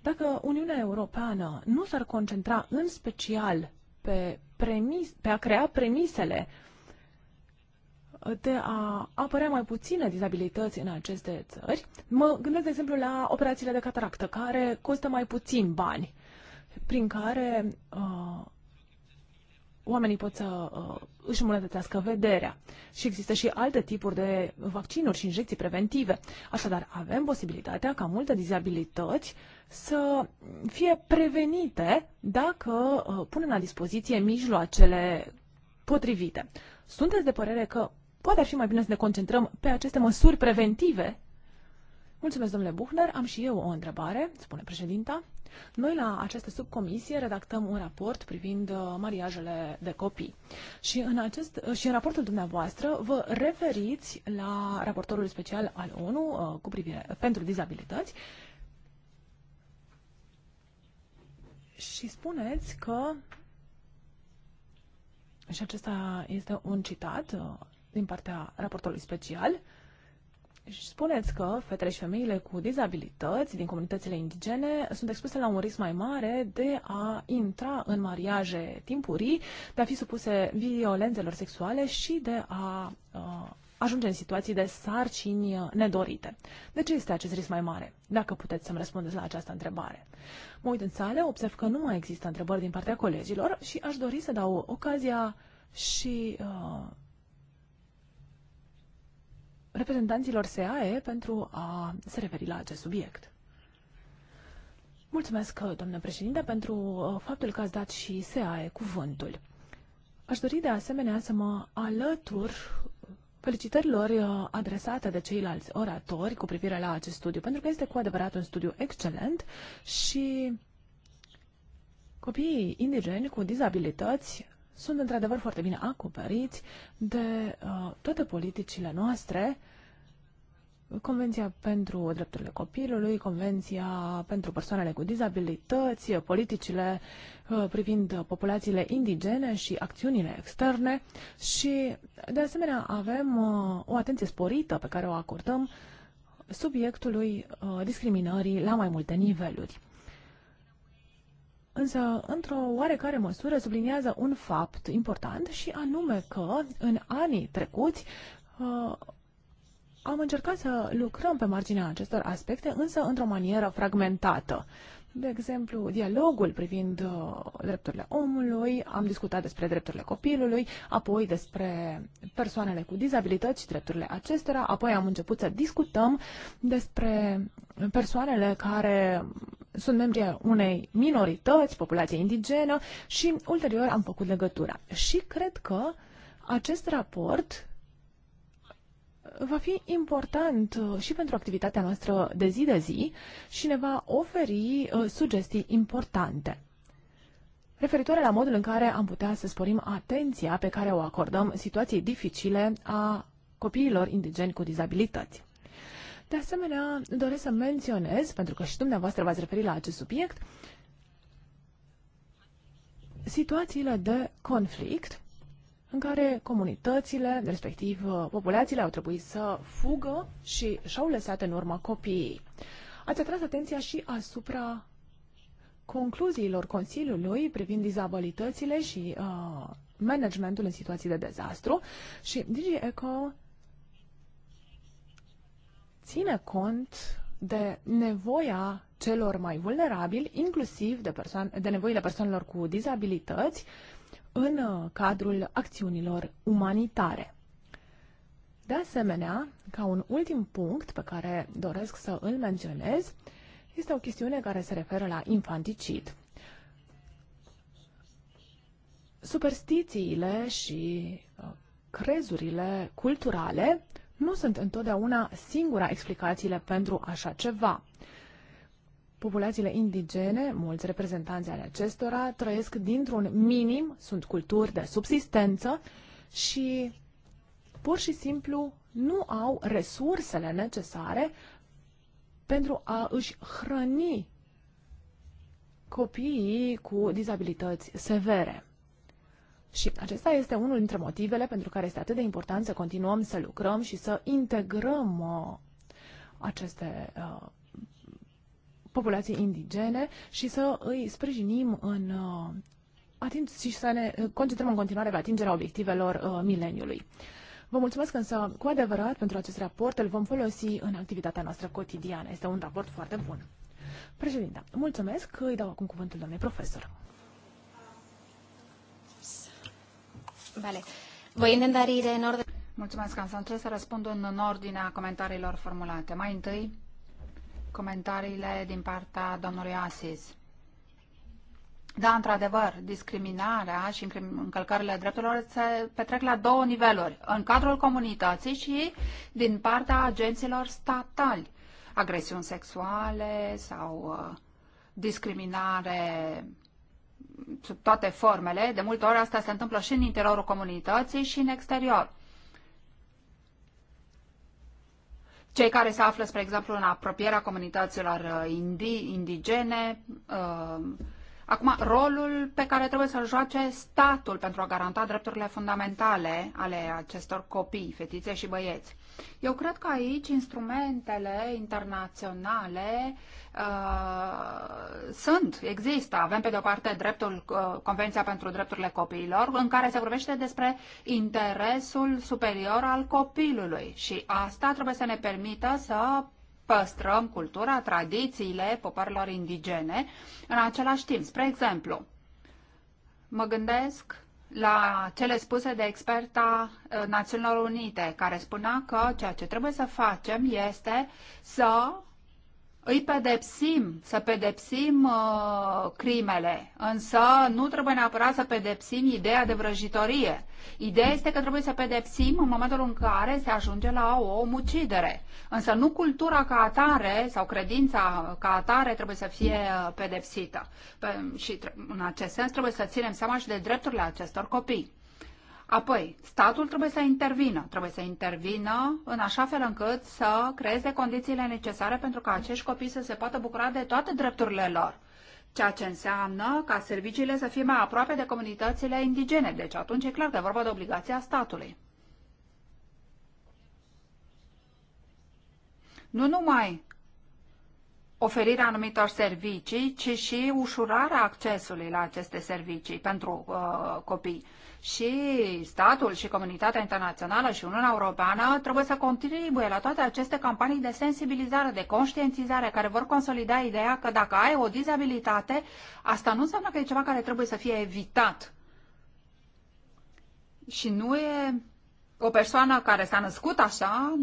dacă Uniunea Europeană nu s-ar concentra în special pe, premis, pe a crea premisele de a apărea mai puține dizabilități în aceste țări. Mă gândesc, de exemplu, la operațiile de cataractă, care costă mai puțin bani, prin care uh, oamenii pot să uh, își îmbunătățească vederea. Și există și alte tipuri de vaccinuri și injecții preventive. Așadar, avem posibilitatea ca multe dizabilități să fie prevenite dacă uh, punem la dispoziție mijloacele potrivite. Sunteți de părere că Poate ar fi mai bine să ne concentrăm pe aceste măsuri preventive. Mulțumesc, domnule Buchner. Am și eu o întrebare, spune președinta. Noi la această subcomisie redactăm un raport privind uh, mariajele de copii. Și în, acest, uh, și în raportul dumneavoastră vă referiți la raportorul special al ONU uh, cu privire, pentru dizabilități și spuneți că și acesta este un citat din partea raportorului special și spuneți că fetele și femeile cu dizabilități din comunitățile indigene sunt expuse la un risc mai mare de a intra în mariaje timpurii, de a fi supuse violențelor sexuale și de a uh, ajunge în situații de sarcini nedorite. De ce este acest risc mai mare? Dacă puteți să-mi răspundeți la această întrebare. Mă uit în sală, observ că nu mai există întrebări din partea colegilor și aș dori să dau ocazia și uh, reprezentanților SAE pentru a se referi la acest subiect. Mulțumesc, domnule președinte, pentru uh, faptul că ați dat și SAE cuvântul. Aș dori de asemenea să mă alătur felicitărilor uh, adresate de ceilalți oratori cu privire la acest studiu, pentru că este cu adevărat un studiu excelent și copiii indigeni cu dizabilități sunt într-adevăr foarte bine acoperiți de uh, toate politicile noastre, Convenția pentru drepturile copilului, Convenția pentru persoanele cu dizabilități, politicile uh, privind populațiile indigene și acțiunile externe și, de asemenea, avem uh, o atenție sporită pe care o acordăm subiectului uh, discriminării la mai multe niveluri însă într-o oarecare măsură subliniază un fapt important și anume că în anii trecuți uh, am încercat să lucrăm pe marginea acestor aspecte, însă într-o manieră fragmentată. De exemplu, dialogul privind uh, drepturile omului, am discutat despre drepturile copilului, apoi despre persoanele cu dizabilități și drepturile acestora, apoi am început să discutăm despre persoanele care sunt membri unei minorități, populație indigenă și ulterior am făcut legătura. Și cred că acest raport va fi important uh, și pentru activitatea noastră de zi de zi și ne va oferi uh, sugestii importante referitoare la modul în care am putea să sporim atenția pe care o acordăm situației dificile a copiilor indigeni cu dizabilități. De asemenea, doresc să menționez, pentru că și dumneavoastră v-ați referit la acest subiect, situațiile de conflict în care comunitățile, respectiv uh, populațiile, au trebuit să fugă și și-au lăsat în urmă copiii. Ați atras atenția și asupra concluziilor Consiliului privind dizabilitățile și uh, managementul în situații de dezastru și Eco ține cont de nevoia celor mai vulnerabili, inclusiv de, persoan- de nevoile persoanelor cu dizabilități, uh, în uh, cadrul acțiunilor umanitare. De asemenea, ca un ultim punct pe care doresc să îl menționez, este o chestiune care se referă la infanticid. Superstițiile și uh, crezurile culturale nu sunt întotdeauna singura explicațiile pentru așa ceva. Populațiile indigene, mulți reprezentanți ale acestora, trăiesc dintr-un minim, sunt culturi de subsistență și pur și simplu nu au resursele necesare pentru a își hrăni copiii cu dizabilități severe. Și acesta este unul dintre motivele pentru care este atât de important să continuăm să lucrăm și să integrăm uh, aceste uh, populației indigene și să îi sprijinim în uh, ating și să ne uh, concentrăm în continuare pe atingerea obiectivelor uh, mileniului. Vă mulțumesc însă cu adevărat pentru acest raport, îl vom folosi în activitatea noastră cotidiană. Este un raport foarte bun. Președinte, mulțumesc că îi dau acum cuvântul doamnei profesor. Vale. Voi intenta în ordine. Mulțumesc, am să încerc să răspund în ordinea comentariilor formulate. Mai întâi, comentariile din partea domnului Asis. Da, într-adevăr, discriminarea și încălcările drepturilor se petrec la două niveluri, în cadrul comunității și din partea agenților statali, agresiuni sexuale sau uh, discriminare sub toate formele. De multe ori asta se întâmplă și în interiorul comunității și în exterior. cei care se află, spre exemplu, în apropierea comunităților uh, indigene, uh, Acum, rolul pe care trebuie să-l joace statul pentru a garanta drepturile fundamentale ale acestor copii, fetițe și băieți. Eu cred că aici instrumentele internaționale uh, sunt, există. Avem pe de o parte dreptul, uh, Convenția pentru Drepturile Copiilor, în care se vorbește despre interesul superior al copilului și asta trebuie să ne permită să păstrăm cultura, tradițiile popoarelor indigene în același timp. Spre exemplu, mă gândesc la cele spuse de experta uh, Națiunilor Unite, care spunea că ceea ce trebuie să facem este să îi pedepsim, să pedepsim uh, crimele, însă nu trebuie neapărat să pedepsim ideea de vrăjitorie. Ideea este că trebuie să pedepsim în momentul în care se ajunge la o omucidere. Însă nu cultura ca atare sau credința ca atare trebuie să fie uh, pedepsită. Pe, și în acest sens trebuie să ținem seama și de drepturile acestor copii. Apoi, statul trebuie să intervină. Trebuie să intervină în așa fel încât să creeze condițiile necesare pentru ca acești copii să se poată bucura de toate drepturile lor. Ceea ce înseamnă ca serviciile să fie mai aproape de comunitățile indigene. Deci atunci e clar că e vorba de obligația statului. Nu numai oferirea anumitor servicii, ci și ușurarea accesului la aceste servicii pentru uh, copii și statul și comunitatea internațională și Uniunea Europeană trebuie să contribuie la toate aceste campanii de sensibilizare, de conștientizare, care vor consolida ideea că dacă ai o dizabilitate, asta nu înseamnă că e ceva care trebuie să fie evitat. Și nu e o persoană care s-a născut așa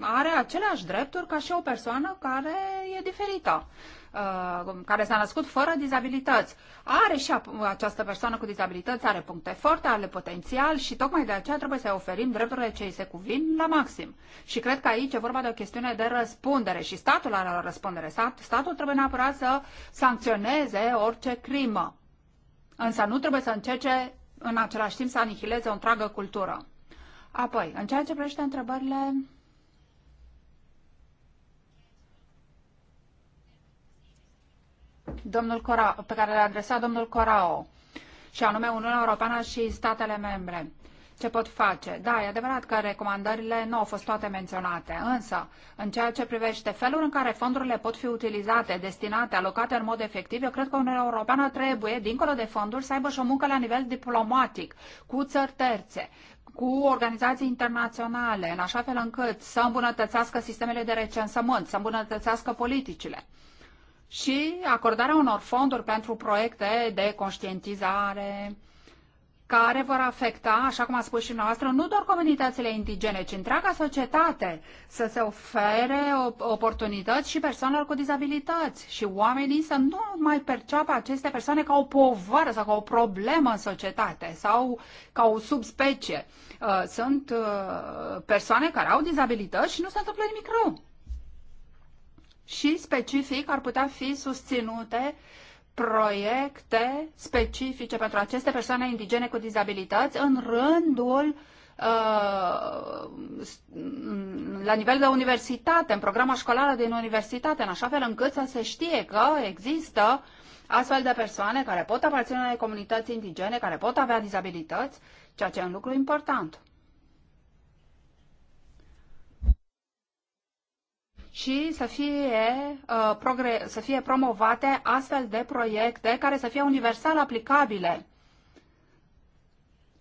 are aceleași drepturi ca și o persoană care e diferită. Uh, care s-a născut fără dizabilități. Are și această persoană cu dizabilități, are puncte forte, are potențial și tocmai de aceea trebuie să-i oferim drepturile ce îi se cuvin la maxim. Și cred că aici e vorba de o chestiune de răspundere și statul are o răspundere. Statul trebuie neapărat să sancționeze orice crimă. Însă nu trebuie să încerce în același timp să anihileze o întreagă cultură. Apoi, în ceea ce privește întrebările domnul Cora, pe care le-a adresat domnul Corao, și anume Uniunea Europeană și statele membre. Ce pot face? Da, e adevărat că recomandările nu au fost toate menționate, însă, în ceea ce privește felul în care fondurile pot fi utilizate, destinate, alocate în mod efectiv, eu cred că Uniunea Europeană trebuie, dincolo de fonduri, să aibă și o muncă la nivel diplomatic, cu țări terțe, cu organizații internaționale, în așa fel încât să îmbunătățească sistemele de recensământ, să îmbunătățească politicile și acordarea unor fonduri pentru proiecte de conștientizare care vor afecta, așa cum a spus și noastră, nu doar comunitățile indigene, ci întreaga societate, să se ofere oportunități și persoanelor cu dizabilități și oamenii să nu mai perceapă aceste persoane ca o povară sau ca o problemă în societate sau ca o subspecie. Uh, sunt uh, persoane care au dizabilități și nu se întâmplă nimic rău și specific ar putea fi susținute proiecte specifice pentru aceste persoane indigene cu dizabilități în rândul uh, la nivel de universitate, în programa școlară din universitate, în așa fel încât să se știe că există astfel de persoane care pot aparține unei comunități indigene, care pot avea dizabilități, ceea ce e un lucru important. și să fie, uh, progre- să fie promovate astfel de proiecte care să fie universal aplicabile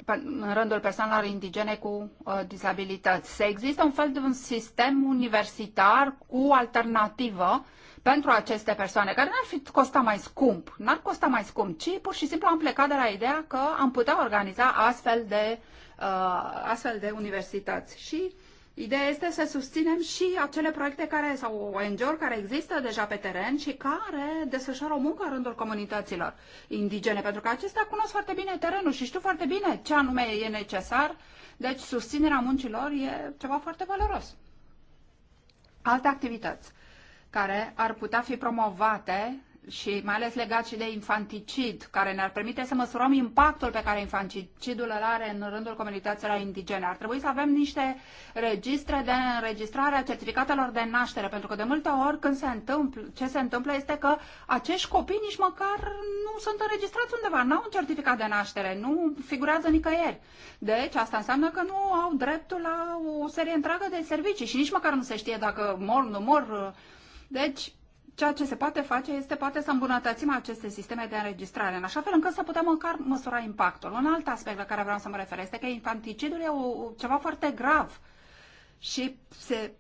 în rândul persoanelor indigene cu uh, dizabilități. Să există un fel de un sistem universitar cu alternativă pentru aceste persoane, care n-ar fi costa mai scump, n-ar costa mai scump, ci pur și simplu am plecat de la ideea că am putea organiza astfel de, uh, astfel de universități. Și uh, Ideea este să susținem și acele proiecte care, sau ONG-uri care există deja pe teren și care desfășoară o muncă în rândul comunităților indigene, pentru că acestea cunosc foarte bine terenul și știu foarte bine ce anume e necesar, deci susținerea muncilor e ceva foarte valoros. Alte activități care ar putea fi promovate și mai ales legat și de infanticid, care ne-ar permite să măsurăm impactul pe care infanticidul îl are în rândul comunităților indigene. Ar trebui să avem niște registre de înregistrare a certificatelor de naștere, pentru că de multe ori când se întâmplă, ce se întâmplă este că acești copii nici măcar nu sunt înregistrați undeva, nu au un certificat de naștere, nu figurează nicăieri. Deci asta înseamnă că nu au dreptul la o serie întreagă de servicii și nici măcar nu se știe dacă mor, nu mor. Deci, Ceea ce se poate face este poate să îmbunătățim aceste sisteme de înregistrare, în așa fel încât să putem măcar măsura impactul. Un alt aspect la care vreau să mă refer este că infanticidul e o, ceva foarte grav și se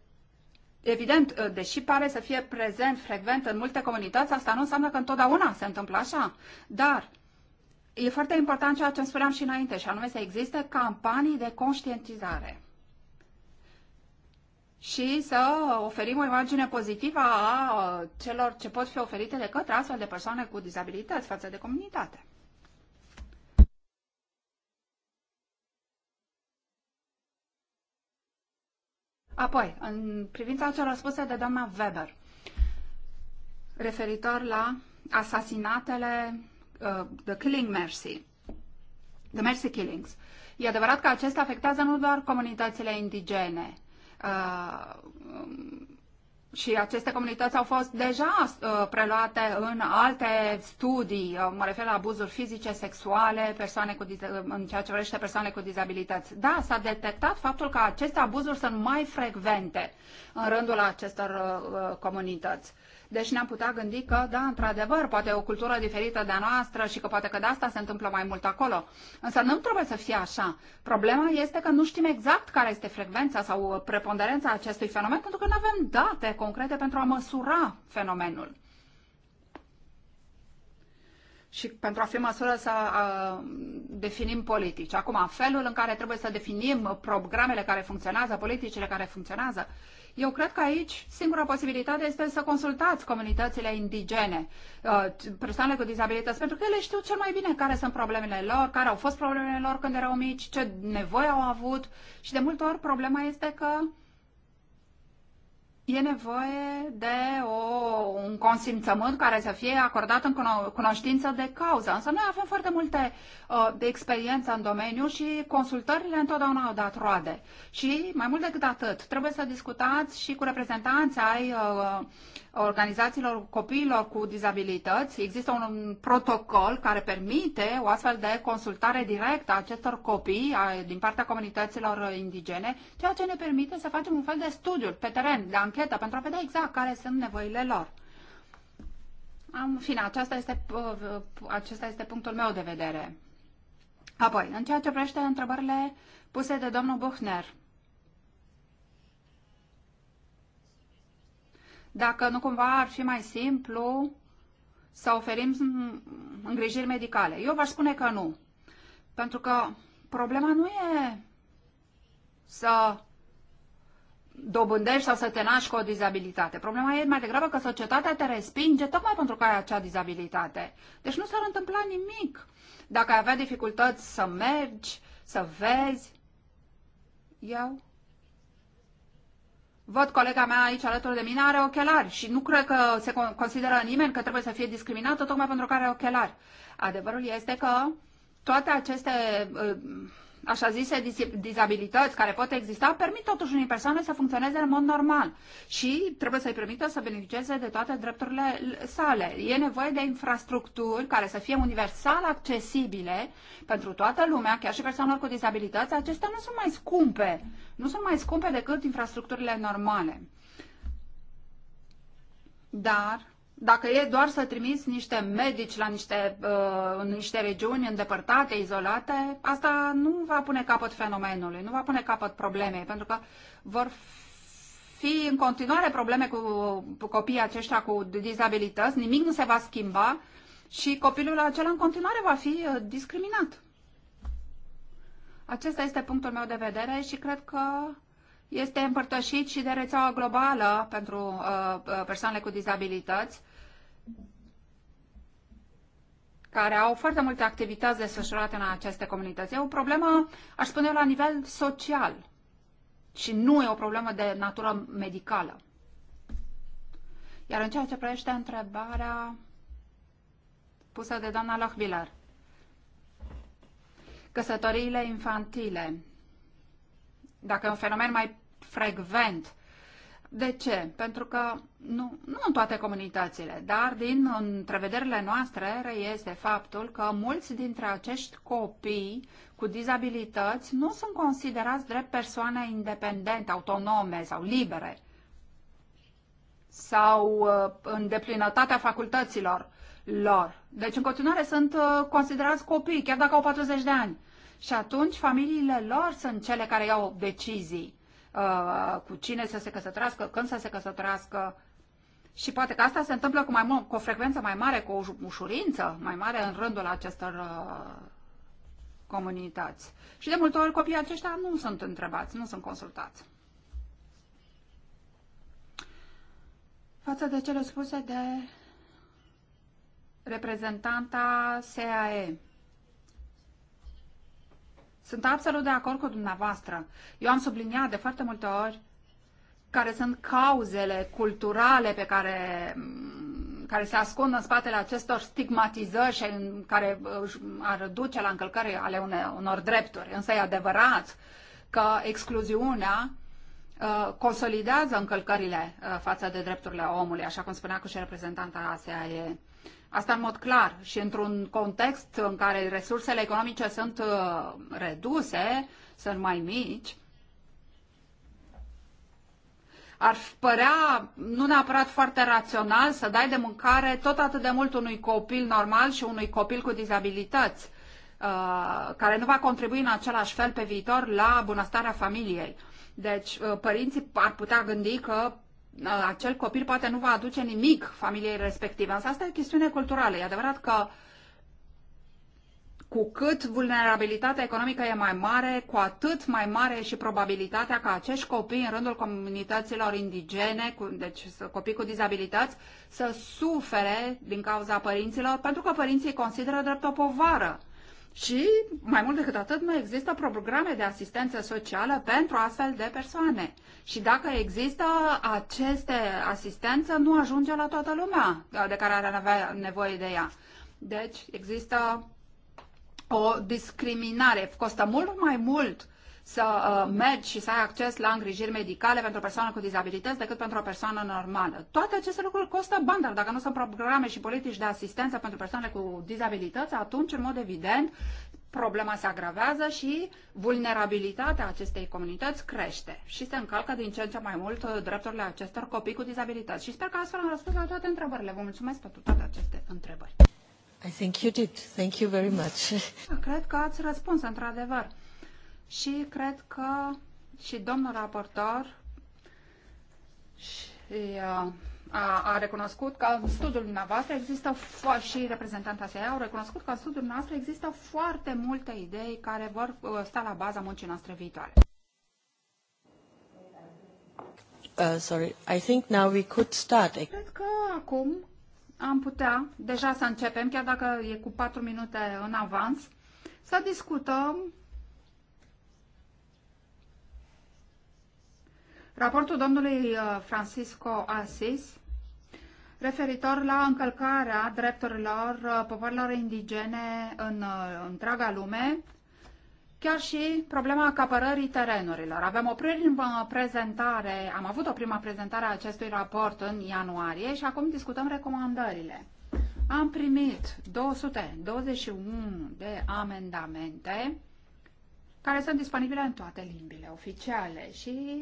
Evident, uh, deși pare să fie prezent frecvent în multe comunități, asta nu înseamnă că întotdeauna se întâmplă așa. Dar e foarte important ceea ce îmi spuneam și înainte, și anume să existe campanii de conștientizare și să oferim o imagine pozitivă a celor ce pot fi oferite de către astfel de persoane cu dizabilități față de comunitate. Apoi, în privința celor spuse de doamna Weber, referitor la asasinatele, uh, the killing mercy, the mercy killings, e adevărat că acestea afectează nu doar comunitățile indigene, Uh, și aceste comunități au fost deja uh, preluate în alte studii, uh, mă refer la abuzuri fizice, sexuale, persoane cu, în ceea ce vrește persoane cu dizabilități. Da, s-a detectat faptul că aceste abuzuri sunt mai frecvente în rândul acestor comunități. Deci ne-am putea gândi că, da, într-adevăr, poate e o cultură diferită de a noastră și că poate că de asta se întâmplă mai mult acolo. Însă nu trebuie să fie așa. Problema este că nu știm exact care este frecvența sau preponderența acestui fenomen, pentru că nu avem date concrete pentru a măsura fenomenul și pentru a fi măsură să uh, definim politici. Acum, felul în care trebuie să definim programele care funcționează, politicile care funcționează, eu cred că aici singura posibilitate este să consultați comunitățile indigene, uh, persoanele cu dizabilități, pentru că ele știu cel mai bine care sunt problemele lor, care au fost problemele lor când erau mici, ce nevoie au avut și de multe ori problema este că E nevoie de o, un consimțământ care să fie acordat în cunoștință de cauză. Însă noi avem foarte multe uh, de experiență în domeniu și consultările întotdeauna au dat roade. Și mai mult decât atât, trebuie să discutați și cu reprezentanții ai uh, organizațiilor copiilor cu dizabilități. Există un protocol care permite o astfel de consultare directă a acestor copii a, din partea comunităților indigene, ceea ce ne permite să facem un fel de studiu pe teren, de anchetă, pentru a vedea exact care sunt nevoile lor. În fine, aceasta este, uh, acesta este punctul meu de vedere. Apoi, în ceea ce privește întrebările puse de domnul Buchner, dacă nu cumva ar fi mai simplu să oferim îngrijiri medicale. Eu v-aș spune că nu. Pentru că problema nu e să dobândești sau să te naști cu o dizabilitate. Problema e mai degrabă că societatea te respinge tocmai pentru că ai acea dizabilitate. Deci nu s-ar întâmpla nimic dacă ai avea dificultăți să mergi, să vezi. Eu Văd colega mea aici alături de mine are ochelari și nu cred că se consideră nimeni că trebuie să fie discriminată tocmai pentru că are ochelari. Adevărul este că toate aceste uh, așa zise dizabilități care pot exista, permit totuși unei persoane să funcționeze în mod normal și trebuie să-i permită să beneficieze de toate drepturile sale. E nevoie de infrastructuri care să fie universal accesibile pentru toată lumea, chiar și persoanelor cu dizabilități. Acestea nu sunt mai scumpe, nu sunt mai scumpe decât infrastructurile normale. Dar dacă e doar să trimiți niște medici la niște, uh, niște regiuni îndepărtate, izolate, asta nu va pune capăt fenomenului, nu va pune capăt problemei, pentru că vor fi în continuare probleme cu copiii aceștia cu dizabilități, nimic nu se va schimba și copilul acela în continuare va fi uh, discriminat. Acesta este punctul meu de vedere și cred că este împărtășit și de rețeaua globală pentru uh, uh persoanele cu dizabilități, care au foarte multe activități desfășurate în aceste comunități. E o problemă, aș spune la nivel social și nu e o problemă de natură medicală. Iar în ceea ce privește întrebarea pusă de doamna Lochbiller, căsătoriile infantile, dacă e un fenomen mai frecvent, de ce? Pentru că nu, nu în toate comunitățile, dar din întrevederile noastre reiese faptul că mulți dintre acești copii cu dizabilități nu sunt considerați drept persoane independente, autonome sau libere sau uh, în deplinătatea facultăților lor. Deci în continuare sunt uh, considerați copii, chiar dacă au 40 de ani. Și atunci familiile lor sunt cele care iau decizii Uh, cu cine să se căsătorească, când să se căsătorească. Și poate că asta se întâmplă cu, mai mult, cu o frecvență mai mare, cu o ușurință mai mare în rândul acestor uh, comunități. Și de multe ori copiii aceștia nu sunt întrebați, nu sunt consultați. Față de cele spuse de reprezentanta SAE, sunt absolut de acord cu dumneavoastră. Eu am subliniat de foarte multe ori care sunt cauzele culturale pe care, mm, care se ascund în spatele acestor stigmatizări și în care uh, ar duce la încălcări ale une, unor drepturi. Însă e adevărat că excluziunea uh, consolidează încălcările uh, față de drepturile omului, așa cum spunea cu și reprezentanta ASEAE. Asta în mod clar și într-un context în care resursele economice sunt uh, reduse, sunt mai mici, ar părea nu neapărat foarte rațional să dai de mâncare tot atât de mult unui copil normal și unui copil cu dizabilități, uh, care nu va contribui în același fel pe viitor la bunăstarea familiei. Deci, uh, părinții ar putea gândi că Ă, acel copil poate nu va aduce nimic familiei respective. Însă asta e o chestiune culturală. E adevărat că cu cât vulnerabilitatea economică e mai mare, cu atât mai mare e și probabilitatea ca acești copii în rândul comunităților indigene, cu, deci copii cu dizabilități, să sufere din cauza părinților, pentru că părinții consideră drept o povară. Și, mai mult decât atât, nu există programe de asistență socială pentru astfel de persoane. Și dacă există aceste asistență, nu ajunge la toată lumea de care are nevoie de ea. Deci, există o discriminare. Costă mult mai mult să uh, mergi și să ai acces la îngrijiri medicale pentru o persoană cu dizabilități decât pentru o persoană normală. Toate aceste lucruri costă bani, dar dacă nu sunt programe și politici de asistență pentru persoanele cu dizabilități, atunci, în mod evident, problema se agravează și vulnerabilitatea acestei comunități crește și se încalcă din ce în ce mai mult uh, drepturile acestor copii cu dizabilități. Și sper că astfel am răspuns la toate întrebările. Vă mulțumesc pentru toate aceste întrebări. I think you did. Thank you very much. Cred că ați răspuns, într-adevăr și cred că și domnul raportor și, uh, a, a recunoscut că în studiul dumneavoastră există și reprezentanta SEA au recunoscut că în studiul nostru există foarte multe idei care vor uh, sta la baza muncii noastre viitoare. Uh, sorry, I think now we could start. Cred că acum am putea deja să începem, chiar dacă e cu patru minute în avans, să discutăm Raportul domnului uh, Francisco Assis referitor la încălcarea drepturilor uh, popoarelor indigene în uh, întreaga lume, chiar și problema acapărării terenurilor. Avem o primă prezentare, am avut o prima prezentare a acestui raport în ianuarie și acum discutăm recomandările. Am primit 221 de amendamente care sunt disponibile în toate limbile oficiale și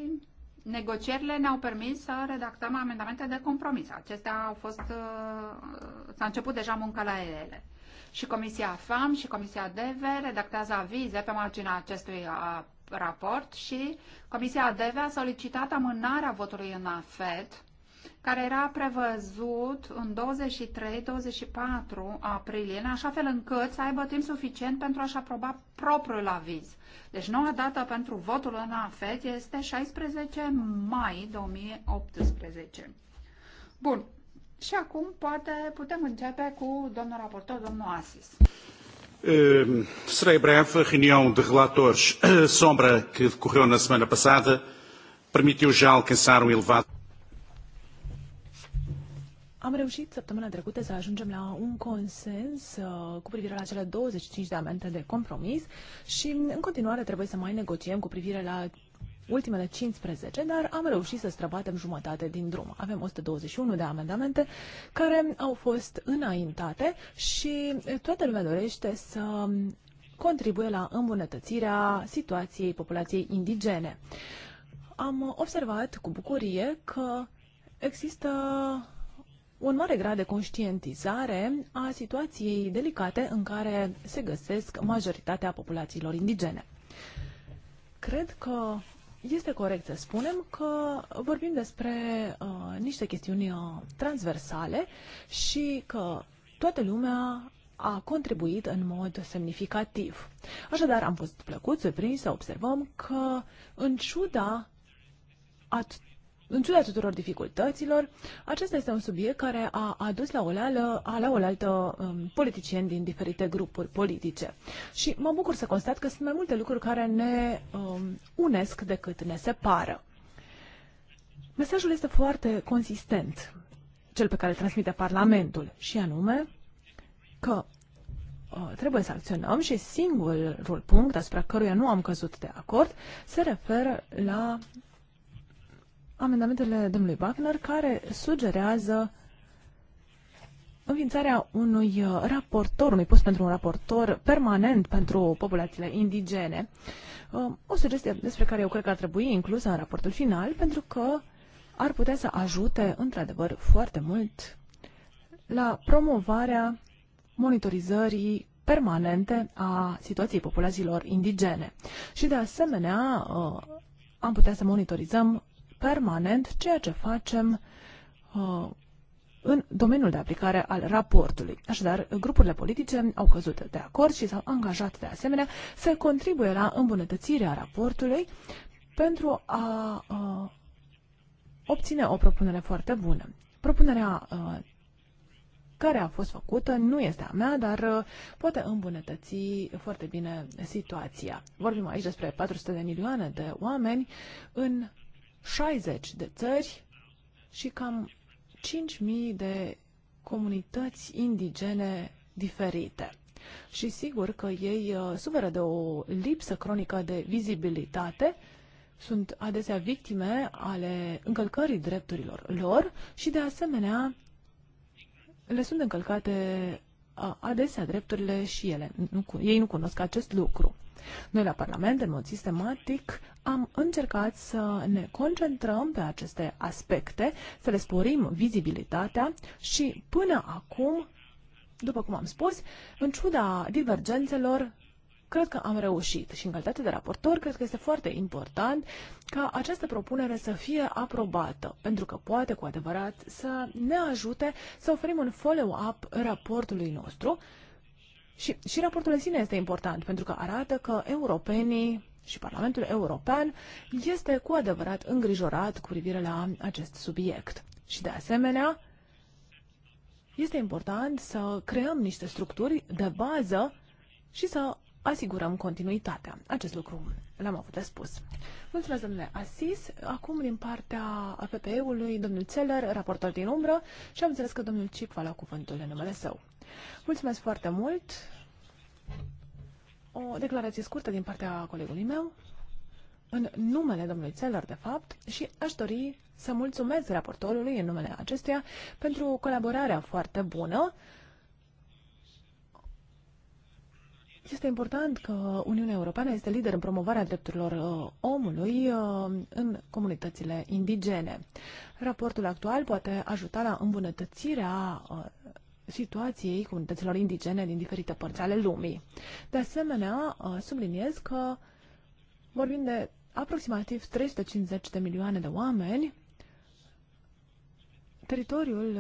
negocierile ne-au permis să redactăm amendamente de compromis. Acestea au fost, uh, s-a început deja munca la ele. Și Comisia FAM și Comisia DEVE redactează avize pe marginea acestui uh, raport și Comisia DEVE a solicitat amânarea votului în AFED care era prevăzut în 23-24 aprilie, în așa fel încât să aibă timp suficient pentru a-și aproba propriul aviz. Deci noua dată pentru votul în AFET este 16 mai 2018. Bun. Și acum poate putem începe cu domnul raportor, domnul Asis. Ehm, serei breve, reunião de relatores sombra que decorreu na semana passada permitiu já alcançar um elevado am reușit săptămâna trecută să ajungem la un consens uh, cu privire la cele 25 de amende de compromis și în continuare trebuie să mai negociem cu privire la ultimele 15, dar am reușit să străbatem jumătate din drum. Avem 121 de amendamente care au fost înaintate și toată lumea dorește să contribuie la îmbunătățirea situației populației indigene. Am observat cu bucurie că există un mare grad de conștientizare a situației delicate în care se găsesc majoritatea populațiilor indigene. Cred că este corect să spunem că vorbim despre uh, niște chestiuni uh, transversale și că toată lumea a contribuit în mod semnificativ. Așadar, am fost plăcut, surprins să observăm că, în ciuda în ciuda tuturor dificultăților, acesta este un subiect care a adus la oală, la oaltă um, politicieni din diferite grupuri politice. Și mă bucur să constat că sunt mai multe lucruri care ne um, unesc decât ne separă. Mesajul este foarte consistent, cel pe care îl transmite Parlamentul, și anume că uh, trebuie să acționăm și singurul punct asupra căruia nu am căzut de acord se referă la amendamentele domnului Wagner, care sugerează înființarea unui uh, raportor, unui post pentru un raportor permanent pentru populațiile indigene. Uh, o sugestie despre care eu cred că ar trebui inclusă în raportul final, pentru că ar putea să ajute, într-adevăr, foarte mult la promovarea monitorizării permanente a situației populațiilor indigene. Și, de asemenea, uh, am putea să monitorizăm permanent ceea ce facem uh, în domeniul de aplicare al raportului. Așadar, grupurile politice au căzut de acord și s-au angajat de asemenea să contribuie la îmbunătățirea raportului pentru a uh, obține o propunere foarte bună. Propunerea uh, care a fost făcută nu este a mea, dar poate îmbunătăți foarte bine situația. Vorbim aici despre 400 de milioane de oameni în 60 de țări și cam 5.000 de comunități indigene diferite. Și sigur că ei uh, suferă de o lipsă cronică de vizibilitate, sunt adesea victime ale încălcării drepturilor lor și, de asemenea, le sunt încălcate adesea drepturile și ele. Nu, ei nu cunosc acest lucru. Noi la Parlament, în mod sistematic, am încercat să ne concentrăm pe aceste aspecte, să le sporim vizibilitatea și până acum, după cum am spus, în ciuda divergențelor cred că am reușit și în calitate de raportor cred că este foarte important ca această propunere să fie aprobată, pentru că poate cu adevărat să ne ajute să oferim un follow-up raportului nostru și, și raportul în sine este important, pentru că arată că europenii și Parlamentul European este cu adevărat îngrijorat cu privire la acest subiect. Și de asemenea, este important să creăm niște structuri de bază și să asigurăm continuitatea. Acest lucru l-am avut de spus. Mulțumesc, domnule Asis. Acum, din partea APPE-ului, domnul Țeller, raportor din umbră, și am înțeles că domnul Cip va lua cuvântul în numele său. Mulțumesc foarte mult. O declarație scurtă din partea colegului meu, în numele domnului Țeller, de fapt, și aș dori să mulțumesc raportorului în numele acestuia pentru colaborarea foarte bună Este important că Uniunea Europeană este lider în promovarea drepturilor uh, omului uh, în comunitățile indigene. Raportul actual poate ajuta la îmbunătățirea uh, situației comunităților indigene din diferite părți ale lumii. De asemenea, subliniez că vorbim de aproximativ 350 de milioane de oameni. Teritoriul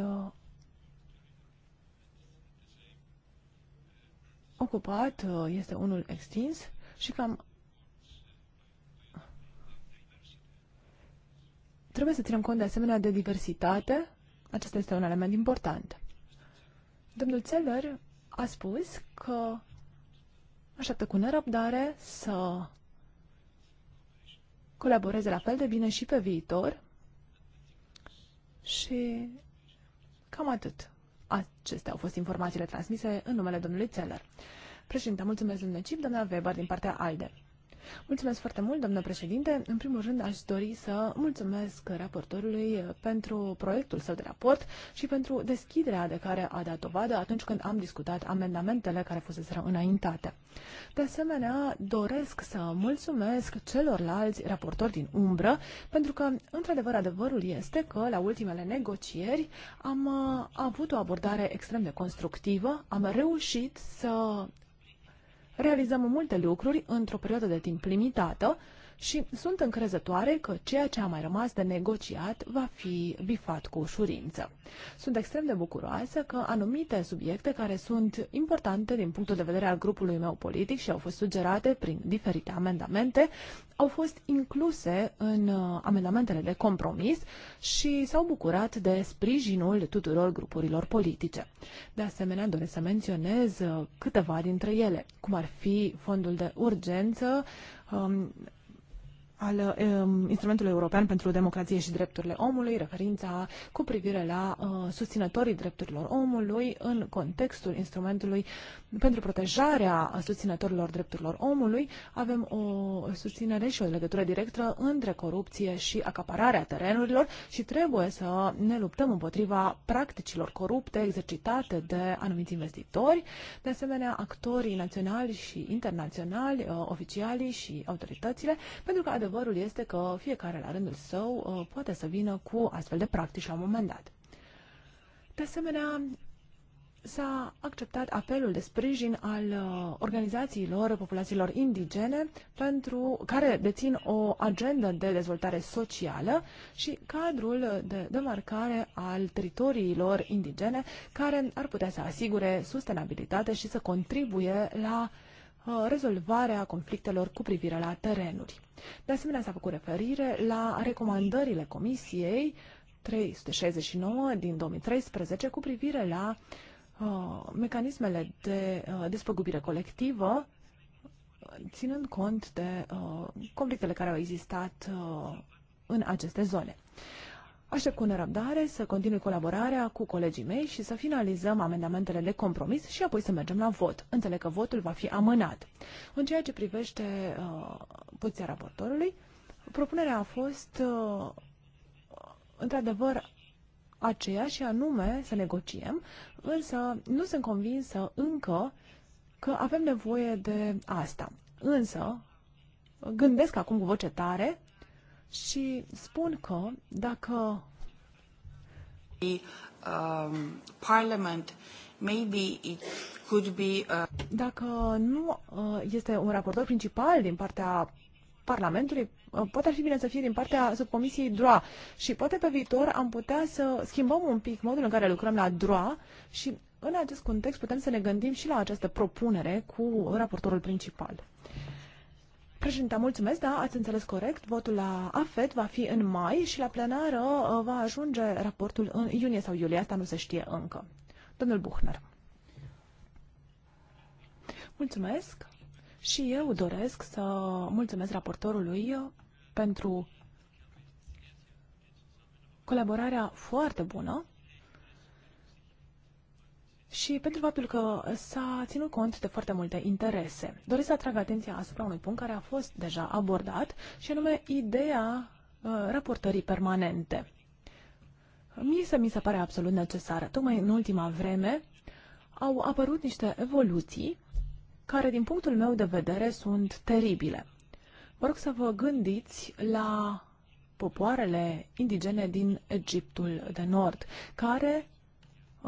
ocupat uh, este unul extins și cam trebuie să ținem cont de asemenea de diversitate. Acesta este un element important. Domnul Țeller a spus că așteaptă cu nerăbdare să colaboreze la fel de bine și pe viitor și cam atât. Acestea au fost informațiile transmise în numele domnului Zeller. Președinte, mulțumesc, domnule Cip, doamna Weber, din partea ALDE. Mulțumesc foarte mult, doamnă președinte. În primul rând, aș dori să mulțumesc raportorului pentru proiectul său de raport și pentru deschiderea de care a dat dovadă atunci când am discutat amendamentele care fuseseră înaintate. De asemenea, doresc să mulțumesc celorlalți raportori din umbră, pentru că, într-adevăr, adevărul este că la ultimele negocieri am uh, avut o abordare extrem de constructivă, am reușit să realizăm multe lucruri într-o perioadă de timp limitată și sunt încrezătoare că ceea ce a mai rămas de negociat va fi bifat cu ușurință. Sunt extrem de bucuroasă că anumite subiecte care sunt importante din punctul de vedere al grupului meu politic și au fost sugerate prin diferite amendamente, au fost incluse în uh, amendamentele de compromis și s-au bucurat de sprijinul tuturor grupurilor politice. De asemenea, doresc să menționez uh, câteva dintre ele, cum ar fi fondul de urgență, um, al um, Instrumentului European pentru Democrație și Drepturile Omului, referința cu privire la uh, susținătorii drepturilor omului în contextul instrumentului pentru protejarea susținătorilor drepturilor omului. Avem o susținere și o legătură directă între corupție și acapararea terenurilor și trebuie să ne luptăm împotriva practicilor corupte exercitate de anumiți investitori. De asemenea, actorii naționali și internaționali, uh, oficialii și autoritățile, pentru că adevărul este că fiecare la rândul său uh, poate să vină cu astfel de practici la un moment dat. De asemenea, s-a acceptat apelul de sprijin al uh, organizațiilor populațiilor indigene pentru care dețin o agendă de dezvoltare socială și cadrul de demarcare al teritoriilor indigene care ar putea să asigure sustenabilitate și să contribuie la uh, rezolvarea conflictelor cu privire la terenuri. De asemenea, s-a făcut referire la recomandările Comisiei 369 din 2013 cu privire la uh, mecanismele de uh, despăgubire colectivă, ținând cont de uh, conflictele care au existat uh, în aceste zone. Uh, Aștept cu nerăbdare să continui colaborarea cu colegii mei și să finalizăm amendamentele de compromis și apoi să mergem la vot. Înțeleg că votul va fi amânat. În ceea ce privește uh, poziția raportorului, propunerea a fost uh, într-adevăr aceea și anume să negociem, însă nu sunt convinsă încă că avem nevoie de asta. Însă, gândesc acum cu voce tare și spun că dacă um, Parliament maybe it could be a... Uh, dacă nu uh, este un raportor principal din partea Parlamentului, uh, poate ar fi bine să fie din partea subcomisiei DROA și poate pe viitor am putea să schimbăm un pic modul în care lucrăm la DROA și în acest context putem să ne gândim și la această propunere cu raportorul principal. Președinte, mulțumesc, da, ați înțeles corect. Votul la AFET va fi în mai și la plenară uh, va ajunge raportul în iunie sau iulie. Asta nu se știe încă. Domnul Buchner. Mulțumesc și eu doresc să mulțumesc raportorului pentru colaborarea foarte bună și pentru faptul că s-a ținut cont de foarte multe interese. Doresc să atrag atenția asupra unui punct care a fost deja abordat și anume ideea uh, raportării permanente. Mie se mi se pare absolut necesară. Tocmai în ultima vreme au apărut niște evoluții care, din punctul meu de vedere, sunt teribile. Vă rog să vă gândiți la popoarele indigene din Egiptul de Nord, care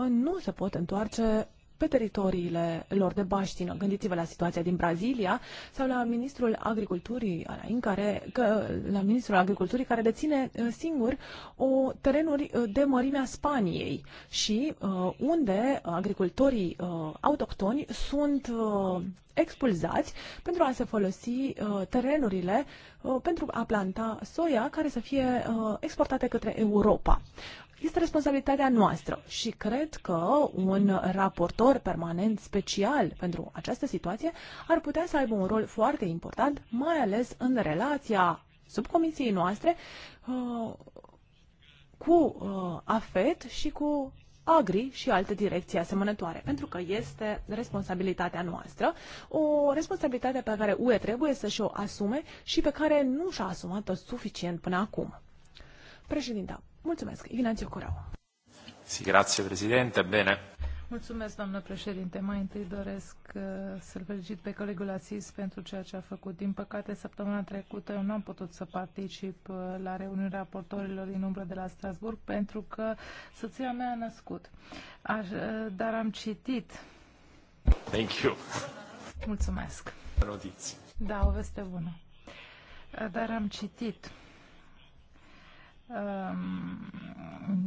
nu se pot întoarce pe teritoriile lor de baștină. Gândiți-vă la situația din Brazilia sau la ministrul agriculturii, Alain, care, că, la ministrul agriculturii care deține uh, singur o terenuri uh, de mărimea Spaniei și uh, unde agricultorii uh, autohtoni sunt uh, expulzați pentru a se folosi uh, terenurile uh, pentru a planta soia care să fie uh, exportate către Europa este responsabilitatea noastră și cred că un raportor permanent special pentru această situație ar putea să aibă un rol foarte important, mai ales în relația subcomisiei noastre uh, cu uh, AFET și cu agri și alte direcții asemănătoare, pentru că este responsabilitatea noastră, o responsabilitate pe care UE trebuie să și-o asume și pe care nu și-a asumat-o suficient până acum. Președinte, Mulțumesc. Ignațiu Curau. Si, grazie, președinte. Bine. Mulțumesc, președinte. Mai întâi doresc uh, să-l felicit pe colegul Asis pentru ceea ce a făcut. Din păcate, săptămâna trecută eu nu am putut să particip uh, la reuniunea raportorilor din umbră de la Strasburg pentru că soția mea a născut. Aș, uh, dar am citit. Thank you. Mulțumesc. Notiți. Da, o veste bună. Dar am citit Um,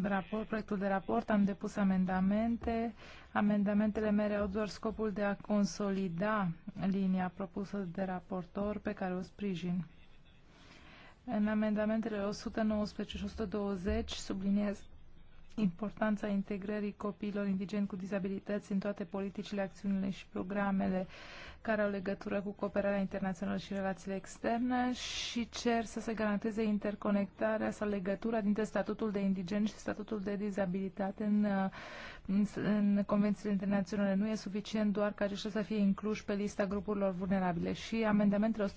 raport, proiectul de raport, am depus amendamente. Amendamentele mele au doar scopul de a consolida linia propusă de raportor pe care o sprijin. În amendamentele 119 și 120 subliniez importanța integrării copiilor indigeni cu dizabilități în toate politicile, acțiunile și programele uh, care au legătură cu cooperarea internațională și relațiile externe și cer să se garanteze interconectarea sau legătura dintre statutul de indigen și statutul de dizabilitate în, în, în convențiile internaționale. Nu e suficient doar ca aceștia să fie incluși pe lista grupurilor vulnerabile și amendamentele 121-122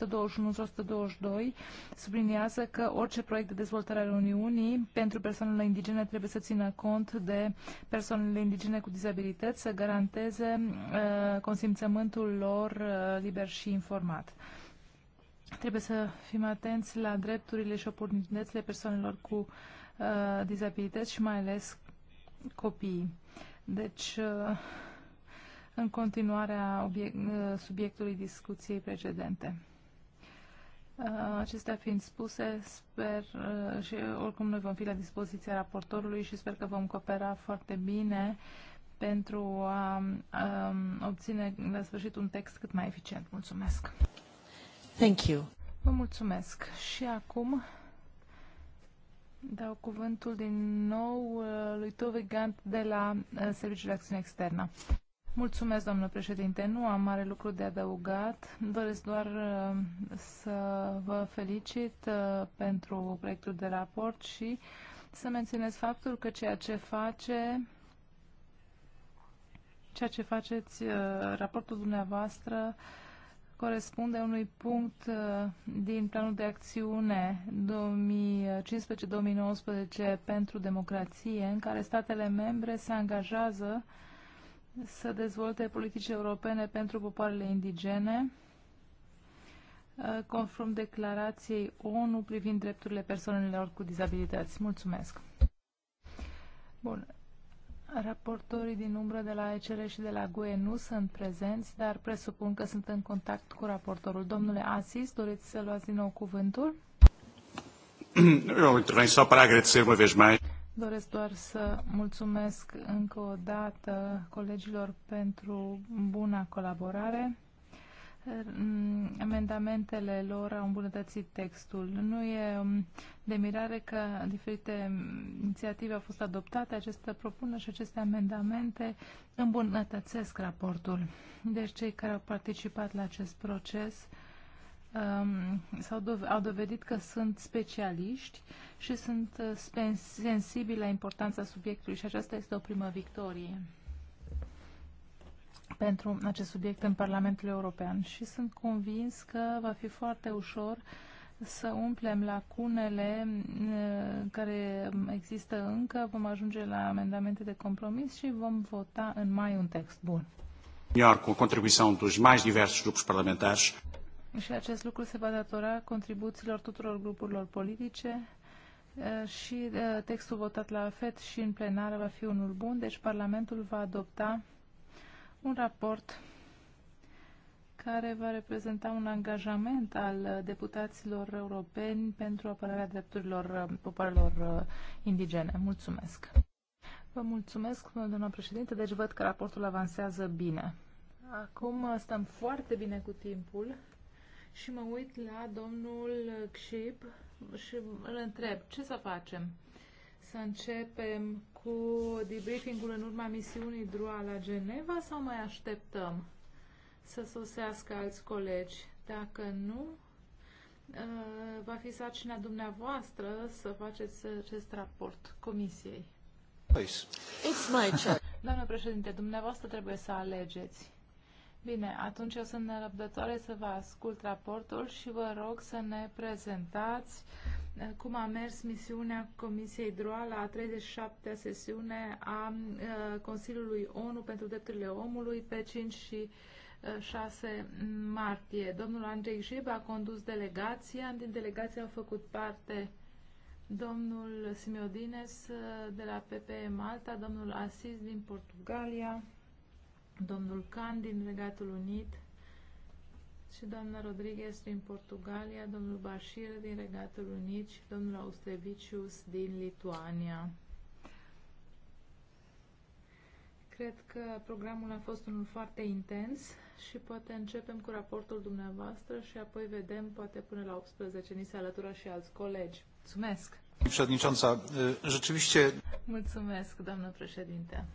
subliniază că orice proiect de dezvoltare al Uniunii pentru persoanele indigene trebuie să țină cont de persoanele indigene cu dizabilități, să garanteze uh, consimțământul lor viitor uh, liber și informat. Trebuie să fim atenți la drepturile și oportunitățile persoanelor cu uh, dizabilități și mai ales copiii. Deci, uh, în continuarea uh, subiectului discuției precedente. Uh, acestea fiind spuse, sper și oricum noi vom fi la dispoziția raportorului și sper că vom coopera foarte bine pentru a, a obține la sfârșit un text cât mai eficient. Mulțumesc! Thank you! Vă mulțumesc! Și acum dau cuvântul din nou uh, lui Tove Gant de la uh, Serviciul de Acțiune Externă. Mulțumesc, domnule președinte. Nu am mare lucru de adăugat. Doresc doar uh, să vă felicit pentru proiectul de raport și să menționez faptul că ceea ce face ceea ce faceți, uh, raportul dumneavoastră corespunde unui punct uh, din planul de acțiune 2015-2019 pentru democrație, în care statele membre se angajează să dezvolte politici europene pentru popoarele indigene, uh, conform declarației ONU privind drepturile persoanelor cu dizabilități. Mulțumesc! Bun. Raportorii din umbră de la ECR și de la GUE nu sunt prezenți, dar presupun că sunt în contact cu raportorul. Domnule Asis, doriți să luați din nou cuvântul? Eu Doresc doar să mulțumesc încă o dată colegilor pentru buna colaborare amendamentele lor au îmbunătățit textul. Nu e um, de mirare că diferite inițiative au fost adoptate, aceste propuneri și aceste amendamente îmbunătățesc raportul. Deci cei care au participat la acest proces um, au dov- au dovedit că sunt specialiști și sunt uh, sensibili la importanța subiectului și aceasta este o primă victorie pentru acest subiect în Parlamentul European și sunt convins că va fi foarte ușor să umplem lacunele uh, care există încă, vom ajunge la amendamente de compromis și vom vota în mai un text bun. Iar cu contribuția contribuição dos diversi grupuri grupos parlamentares. Și acest lucru se va datora contribuțiilor tuturor grupurilor politice uh, și uh, textul votat la FED și în plenară va fi unul bun, deci Parlamentul va adopta un raport care va reprezenta un angajament al deputaților europeni pentru apărarea drepturilor uh, popoarelor uh, indigene. Mulțumesc! Vă mulțumesc, doamna președinte, deci văd că raportul avansează bine. Acum uh, stăm foarte bine cu timpul și mă uit la domnul Xip și îl întreb ce să facem. Să începem cu debriefingul în urma misiunii DRUA la Geneva sau mai așteptăm să sosească alți colegi? Dacă nu, uh, va fi sarcina dumneavoastră să faceți acest raport comisiei. It's my choice. președinte, dumneavoastră trebuie să alegeți. Bine, atunci eu sunt nerăbdătoare să vă ascult raportul și vă rog să ne prezentați uh, cum a mers misiunea Comisiei DROA la 37-a sesiune a uh, Consiliului ONU pentru Drepturile Omului pe 5 și 6 uh, martie. Domnul Andrei Jib a condus delegația. Din delegație au făcut parte domnul Simeodines uh, de la PPE Malta, domnul Asis din Portugalia, domnul Can din Regatul Unit, și doamna Rodriguez din Portugalia, domnul Bashir din Regatul Unit și domnul Austrevicius din Lituania. Cred că programul a fost unul foarte intens și poate începem cu raportul dumneavoastră și apoi vedem, poate până la 18 ni se alătură și alți colegi. Mulțumesc! Przewodnicząca, rzeczywiście... Mulțumesc, doamnă președinte.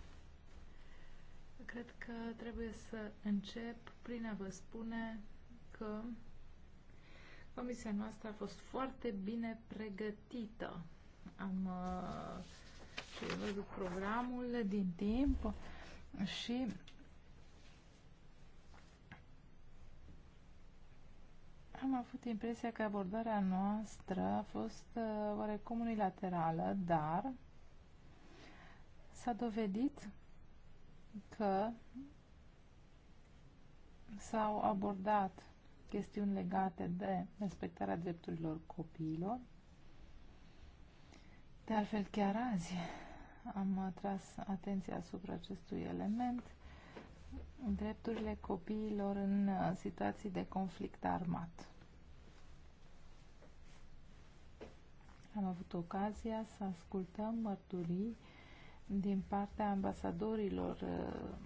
Cred că trebuie să încep prin a vă spune că comisia noastră a fost foarte bine pregătită. Am uh, văzut programul din timp și am avut impresia că abordarea noastră a fost uh, oarecum unilaterală, dar s-a dovedit că s-au abordat chestiuni legate de respectarea drepturilor copiilor. De altfel, chiar azi am tras atenția asupra acestui element, drepturile copiilor în situații de conflict armat. Am avut ocazia să ascultăm mărturii din partea ambasadorilor uh,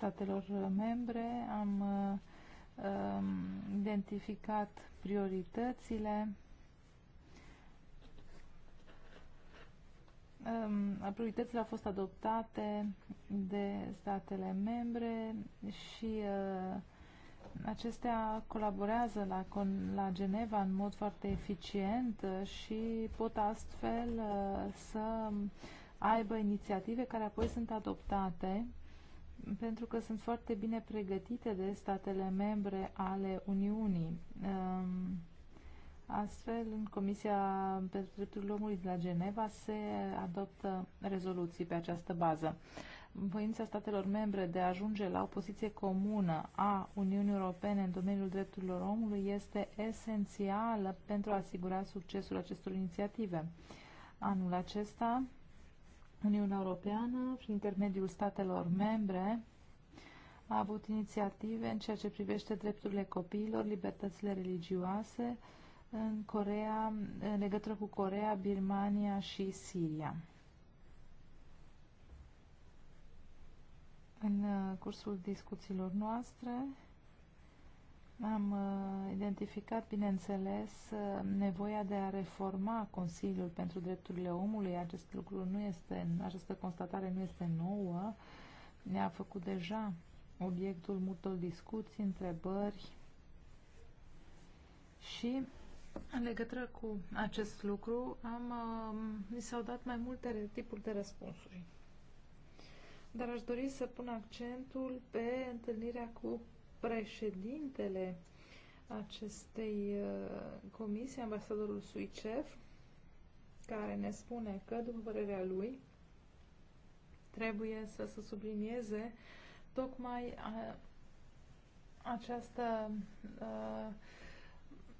statelor membre, am um, identificat prioritățile, um, prioritățile au fost adoptate de statele membre și uh, acestea colaborează la, la Geneva în mod foarte eficient uh, și pot astfel uh, să aibă inițiative care apoi sunt adoptate pentru că sunt foarte bine pregătite de statele membre ale Uniunii. Ehm, astfel, în Comisia pentru Drepturile Omului de la Geneva se adoptă rezoluții pe această bază. Voința statelor membre de a ajunge la o poziție comună a Uniunii Europene în domeniul drepturilor omului este esențială pentru a asigura succesul acestor inițiative. Anul acesta, Uniunea Europeană, prin intermediul statelor membre, a avut inițiative în ceea ce privește drepturile copiilor, libertățile religioase în, Corea, în legătură cu Corea, Birmania și Siria. În uh, cursul discuțiilor noastre, am uh, identificat, bineînțeles, uh, nevoia de a reforma Consiliul pentru Drepturile Omului. Acest lucru nu este, această constatare nu este nouă. Ne-a făcut deja obiectul multor discuții, întrebări și în legătură cu acest lucru am, uh, mi s-au dat mai multe tipuri de răspunsuri. Dar aș dori să pun accentul pe întâlnirea cu președintele acestei uh, comisii, ambasadorul Suicev, care ne spune că, după părerea lui, trebuie să se sublinieze tocmai uh, această uh,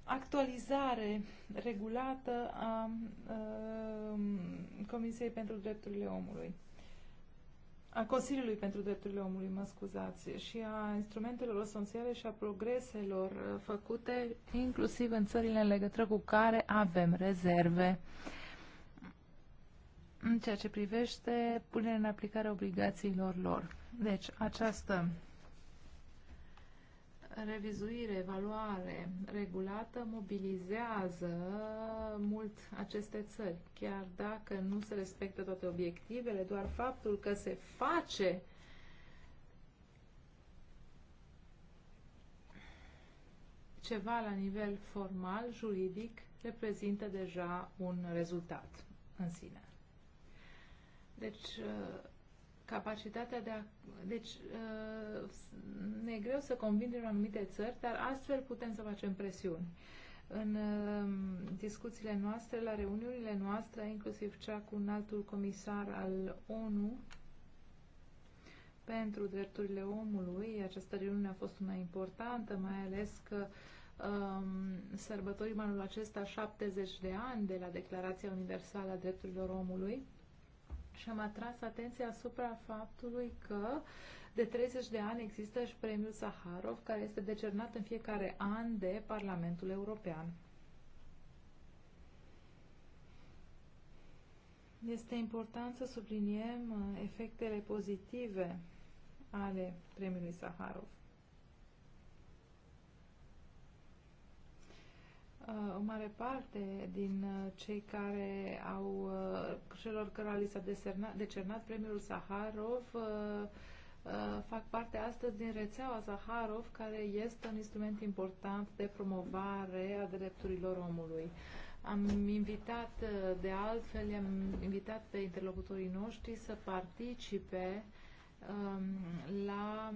actualizare regulată a Comisiei pentru Drepturile Omului a Consiliului pentru Drepturile Omului, mă scuzați, și a instrumentelor esențiale și a progreselor uh, făcute, inclusiv în țările în legătură cu care avem rezerve. În ceea ce privește punerea în aplicare obligațiilor lor. Deci, această revizuire, evaluare regulată mobilizează mult aceste țări. Chiar dacă nu se respectă toate obiectivele, doar faptul că se face ceva la nivel formal, juridic, reprezintă deja un rezultat în sine. Deci, capacitatea de a... Deci uh, ne e greu să convingem anumite țări, dar astfel putem să facem presiuni. În um, discuțiile noastre, la reuniunile noastre, inclusiv cea cu un altul comisar al ONU pentru drepturile omului, această reuniune a fost una importantă, mai ales că um, sărbătorim anul acesta 70 de ani de la Declarația Universală a Drepturilor Omului și am atras atenția asupra faptului că de 30 de ani există și premiul Saharov, care este decernat în fiecare an de Parlamentul European. Este important să subliniem uh, efectele pozitive ale premiului Saharov. Uh, o mare parte din uh, cei care au, uh, celor care li s-a decernat premiul Saharov fac parte astăzi din rețeaua Saharov, care este un instrument important de promovare a drepturilor omului. Am invitat, de altfel, am invitat pe interlocutorii noștri să participe um, la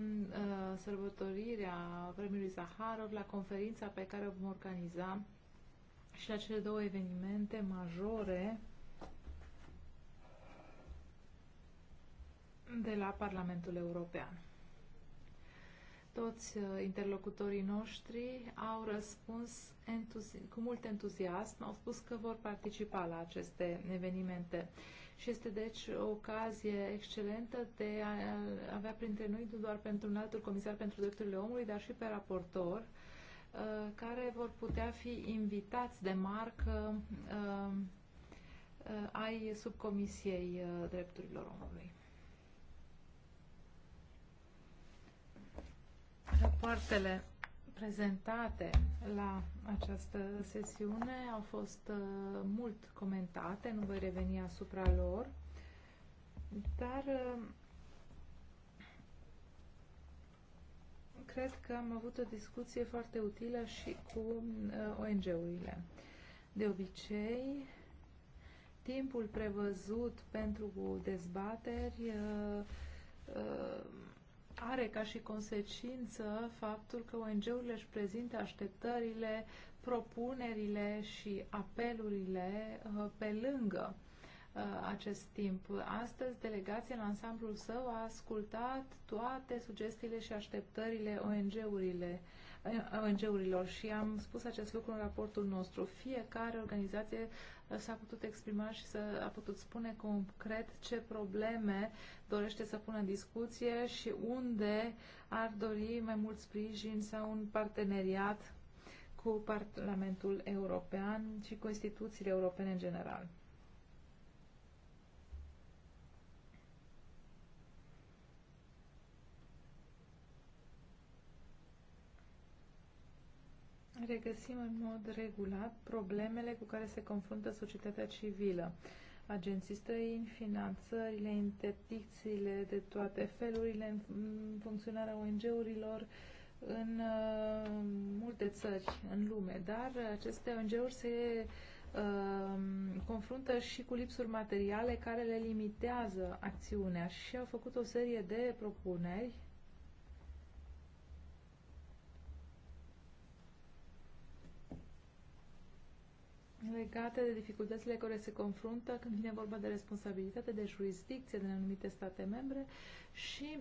sărbătorirea premiului Zaharov, la conferința pe care o vom organiza și la cele două evenimente majore de la Parlamentul European. Toți uh, interlocutorii noștri au răspuns cu mult entuziasm, au spus că vor participa la aceste evenimente și este deci o ocazie excelentă de a avea printre noi, nu doar pentru un altul comisar pentru drepturile omului, dar și pe raportor, Uh, care vor putea fi invitați de marcă uh, uh, ai subcomisiei drepturilor omului. Rapoartele prezentate la această sesiune au fost mult comentate, nu voi reveni asupra lor, dar cred că am avut o discuție foarte utilă și cu uh, ONG-urile. De obicei, timpul prevăzut pentru dezbateri uh, uh, are ca și consecință faptul că ONG-urile își prezintă așteptările, propunerile și apelurile pe lângă Uh, acest timp. Astăzi, delegația în ansamblul său a ascultat toate sugestiile și așteptările ONG-urile uh, ONG-urilor și am spus acest lucru în raportul nostru. Fiecare organizație uh, s-a putut exprima și să a putut spune concret ce probleme dorește să pună în discuție și unde ar dori mai mult sprijin sau un parteneriat cu Parlamentul European și cu instituțiile europene în general. regăsim în mod regulat problemele cu care se confruntă societatea civilă. Agenții străini, finanțările, interdicțiile de toate felurile, funcționarea ONG-urilor în uh, multe țări în lume, dar aceste ONG-uri se uh, confruntă și cu lipsuri materiale care le limitează acțiunea și au făcut o serie de propuneri legate de dificultățile care se confruntă când vine vorba de responsabilitate, de jurisdicție din anumite state membre și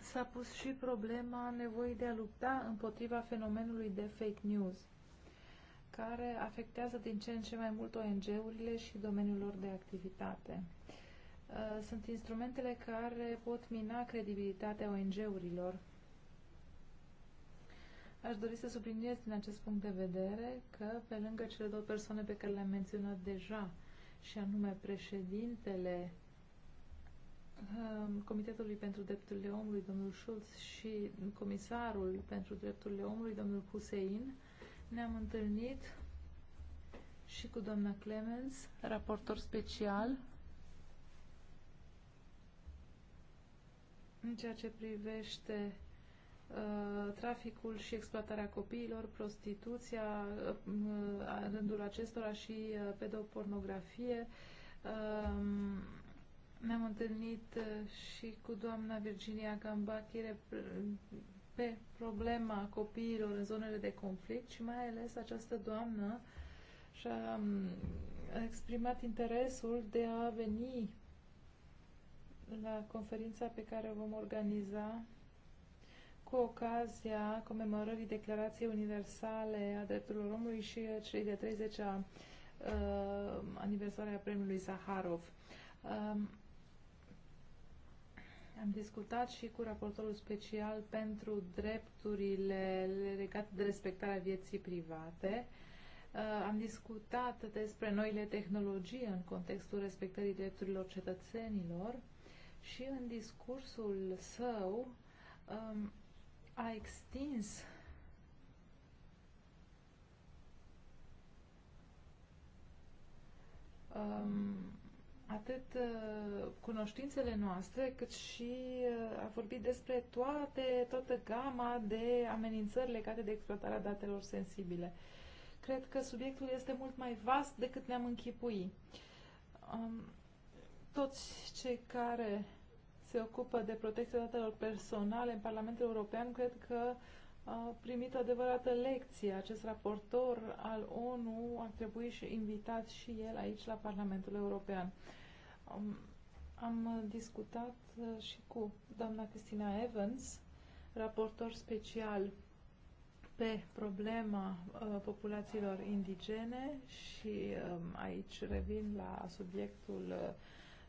s-a pus și problema nevoii de a lupta împotriva fenomenului de fake news, care afectează din ce în ce mai mult ONG-urile și domeniul lor de activitate. Uh, sunt instrumentele care pot mina credibilitatea ONG-urilor Aș dori să subliniez din acest punct de vedere că, pe lângă cele două persoane pe care le-am menționat deja, și anume președintele um, Comitetului pentru Drepturile Omului, domnul Schulz, și comisarul pentru Drepturile Omului, domnul Hussein, ne-am întâlnit și cu doamna Clemens, raportor special în ceea ce privește Uh, traficul și exploatarea copiilor, prostituția uh, în rândul acestora și uh, pedopornografie. Um, ne-am întâlnit și cu doamna Virginia Gambachire pe problema copiilor în zonele de conflict și mai ales această doamnă și-a um, exprimat interesul de a veni la conferința pe care o vom organiza cu ocazia comemorării Declarației Universale a Drepturilor Omului și cei de 30-a uh, aniversare a premiului Zaharov. Um, am discutat și cu raportorul special pentru drepturile legate de respectarea vieții private. Uh, am discutat despre noile tehnologii în contextul respectării drepturilor cetățenilor și în discursul său um, a extins um, atât uh, cunoștințele noastre, cât și uh, a vorbit despre toate, toată gama de amenințări legate de exploatarea datelor sensibile. Cred că subiectul este mult mai vast decât ne-am închipui. Um, toți cei care se ocupă de protecția datelor personale în Parlamentul European, cred că a primit o adevărată lecție. Acest raportor al ONU ar trebui și invitat și el aici la Parlamentul European. Am, discutat uh, și cu doamna Cristina Evans, raportor special pe problema uh, populațiilor indigene și um, aici revin la subiectul uh,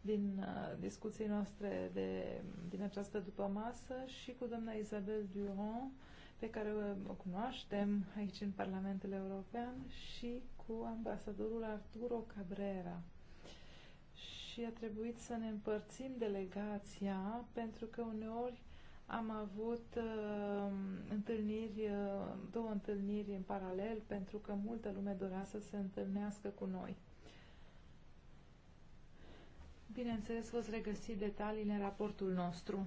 din uh, discuții noastre de, din această masă și cu doamna Isabel Durand, pe care o cunoaștem aici în Parlamentul European și cu ambasadorul Arturo Cabrera. Și a trebuit să ne împărțim delegația pentru că uneori am avut uh, întâlniri, uh, două întâlniri în paralel pentru că multă lume dorea să se întâlnească cu noi. Bineînțeles, vă regăsi detalii în raportul nostru.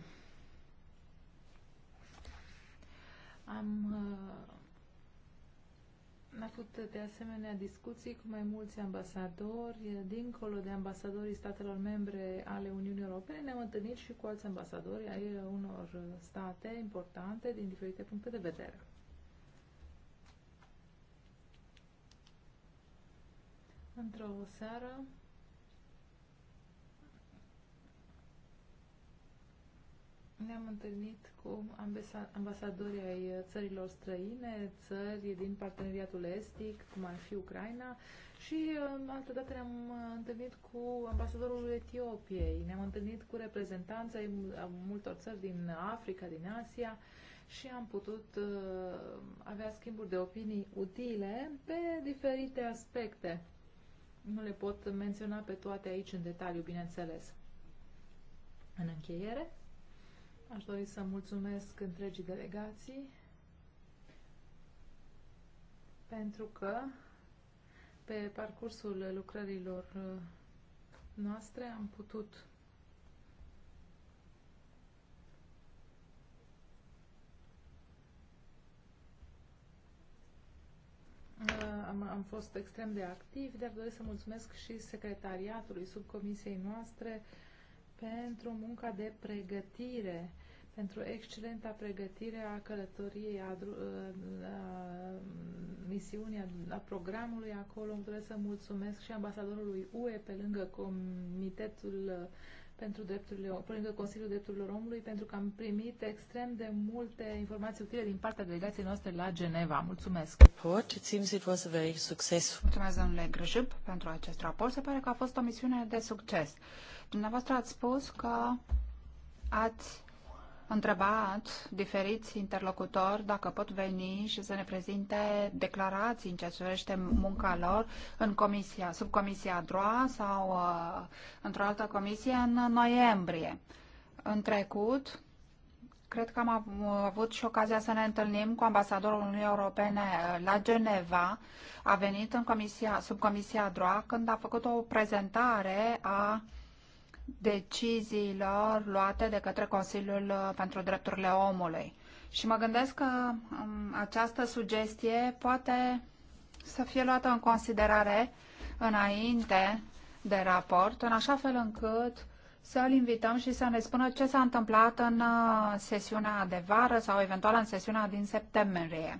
Am uh, avut de asemenea discuții cu mai mulți ambasadori, dincolo de ambasadorii statelor membre ale Uniunii Europene, ne-am întâlnit și cu alți ambasadori ai unor state importante din diferite puncte de vedere. Într-o seară Ne-am întâlnit cu ambasadorii ai uh, țărilor străine, țări din parteneriatul estic, cum ar fi Ucraina, și uh, altă dată ne-am uh, întâlnit cu ambasadorul Etiopiei, ne-am întâlnit cu reprezentanța multor țări din Africa, din Asia și am putut uh, avea schimburi de opinii utile pe diferite aspecte. Nu le pot menționa pe toate aici în detaliu, bineînțeles. În încheiere, Aș dori să mulțumesc întregii delegații pentru că pe parcursul lucrărilor uh, noastre am putut uh, am, am fost extrem de activ, dar doresc să mulțumesc și secretariatului subcomisiei noastre pentru munca de pregătire pentru excelenta pregătire a călătoriei, a, a, a misiunii, a, a programului acolo. Îmi doresc să mulțumesc și ambasadorului UE pe lângă Comitetul uh, pentru drepturile, pe lângă Consiliul Drepturilor Omului, pentru că am primit extrem de multe informații utile din partea delegației noastre la Geneva. Mulțumesc! Report. It seems it was a very successful. Mulțumesc, domnule Grăjib, pentru acest raport. Se pare că a fost o misiune de succes. Dumneavoastră ați spus că ați întrebat diferiți interlocutori dacă pot veni și să ne prezinte declarații în ceea ce privește munca lor în comisia, sub comisia DROA sau uh, într-o altă comisie în noiembrie. În trecut, cred că am avut și ocazia să ne întâlnim cu ambasadorul Uniunii Europene uh, la Geneva. A venit în comisia, sub comisia DROA când a făcut o prezentare a uh, deciziilor luate de către Consiliul pentru Drepturile Omului. Și mă gândesc că um, această sugestie poate să fie luată în considerare înainte de raport, în așa fel încât să-l invităm și să ne spună ce s-a întâmplat în uh, sesiunea de vară sau eventual în sesiunea din septembrie.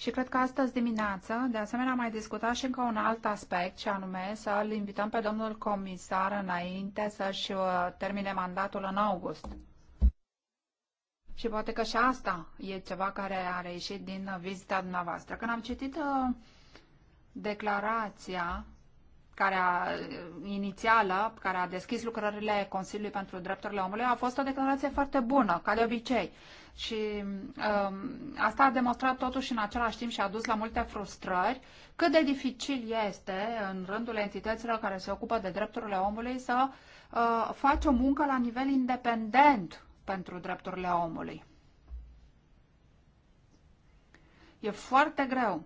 Și cred că astăzi dimineață, de asemenea, am mai discutat și încă un alt aspect, și anume să-l invităm pe domnul comisar înainte să-și uh, termine mandatul în august. Și poate că și asta e ceva care a reieșit din vizita dumneavoastră. Când am citit uh, declarația care a, uh, inițială, care a deschis lucrările Consiliului pentru Drepturile Omului, a fost o declarație foarte bună, ca de obicei. Și um, asta a demonstrat totuși în același timp și a dus la multe frustrări cât de dificil este în rândul entităților care se ocupă de drepturile omului să uh, faci o muncă la nivel independent pentru drepturile omului. E foarte greu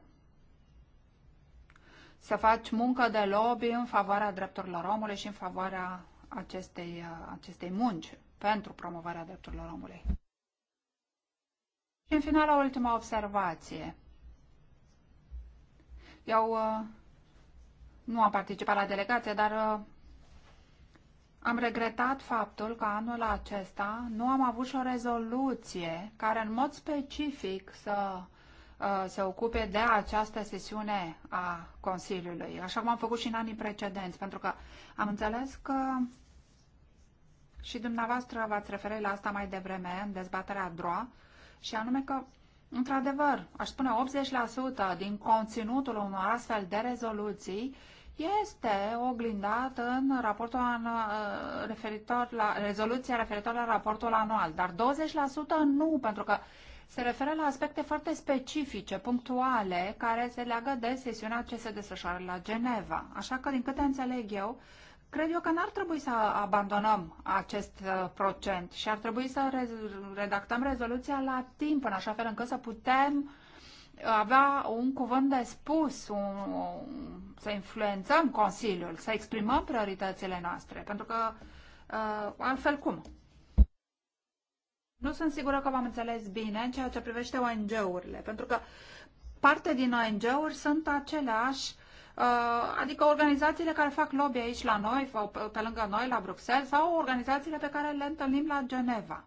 să faci muncă de lobby în favoarea drepturilor omului și în favoarea acestei, uh, acestei munci pentru promovarea drepturilor omului în final, o ultimă observație. Eu uh, nu am participat la delegație, dar uh, am regretat faptul că anul acesta nu am avut și o rezoluție care în mod specific să uh, se ocupe de această sesiune a Consiliului, așa cum am făcut și în anii precedenți, pentru că am înțeles că și dumneavoastră v-ați referit la asta mai devreme în dezbaterea DROA, uh, și anume că, într-adevăr, aș spune 80% din conținutul unor astfel de rezoluții este oglindat în raportul an, uh, referitor la rezoluția referitor la raportul anual, dar 20% nu, pentru că se referă la aspecte foarte specifice, punctuale, care se leagă de sesiunea ce se desfășoară la Geneva. Așa că, din câte înțeleg eu, Cred eu că n-ar trebui să abandonăm acest uh, procent și ar trebui să redactăm rezoluția la timp, în așa fel încât să putem uh, avea un cuvânt de spus, un, să influențăm Consiliul, să exprimăm prioritățile noastre, pentru că uh, altfel cum? Nu sunt sigură că v-am înțeles bine în ceea ce privește ONG-urile, pentru că parte din ONG-uri sunt aceleași Uh, adică organizațiile care fac lobby aici la noi, pe lângă noi, la Bruxelles, sau organizațiile pe care le întâlnim la Geneva.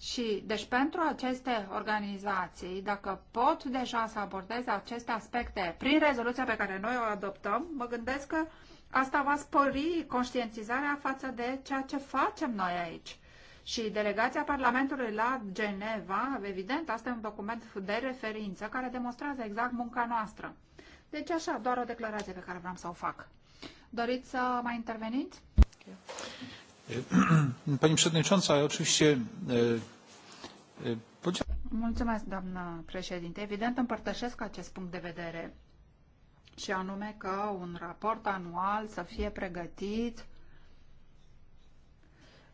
Și, deci, pentru aceste organizații, dacă pot deja să abordeze aceste aspecte prin rezoluția pe care noi o adoptăm, mă gândesc că asta va spori conștientizarea față de ceea ce facem noi aici. Și delegația Parlamentului la Geneva, evident, asta e un document de referință care demonstrează exact munca noastră. Deci așa, doar o declarație pe care vreau să o fac. Doriți să mai interveniți? Pani Przewodnicząca, oczywiście... Mulțumesc, doamnă președinte. Evident, împărtășesc acest punct de vedere și anume că un raport anual să fie pregătit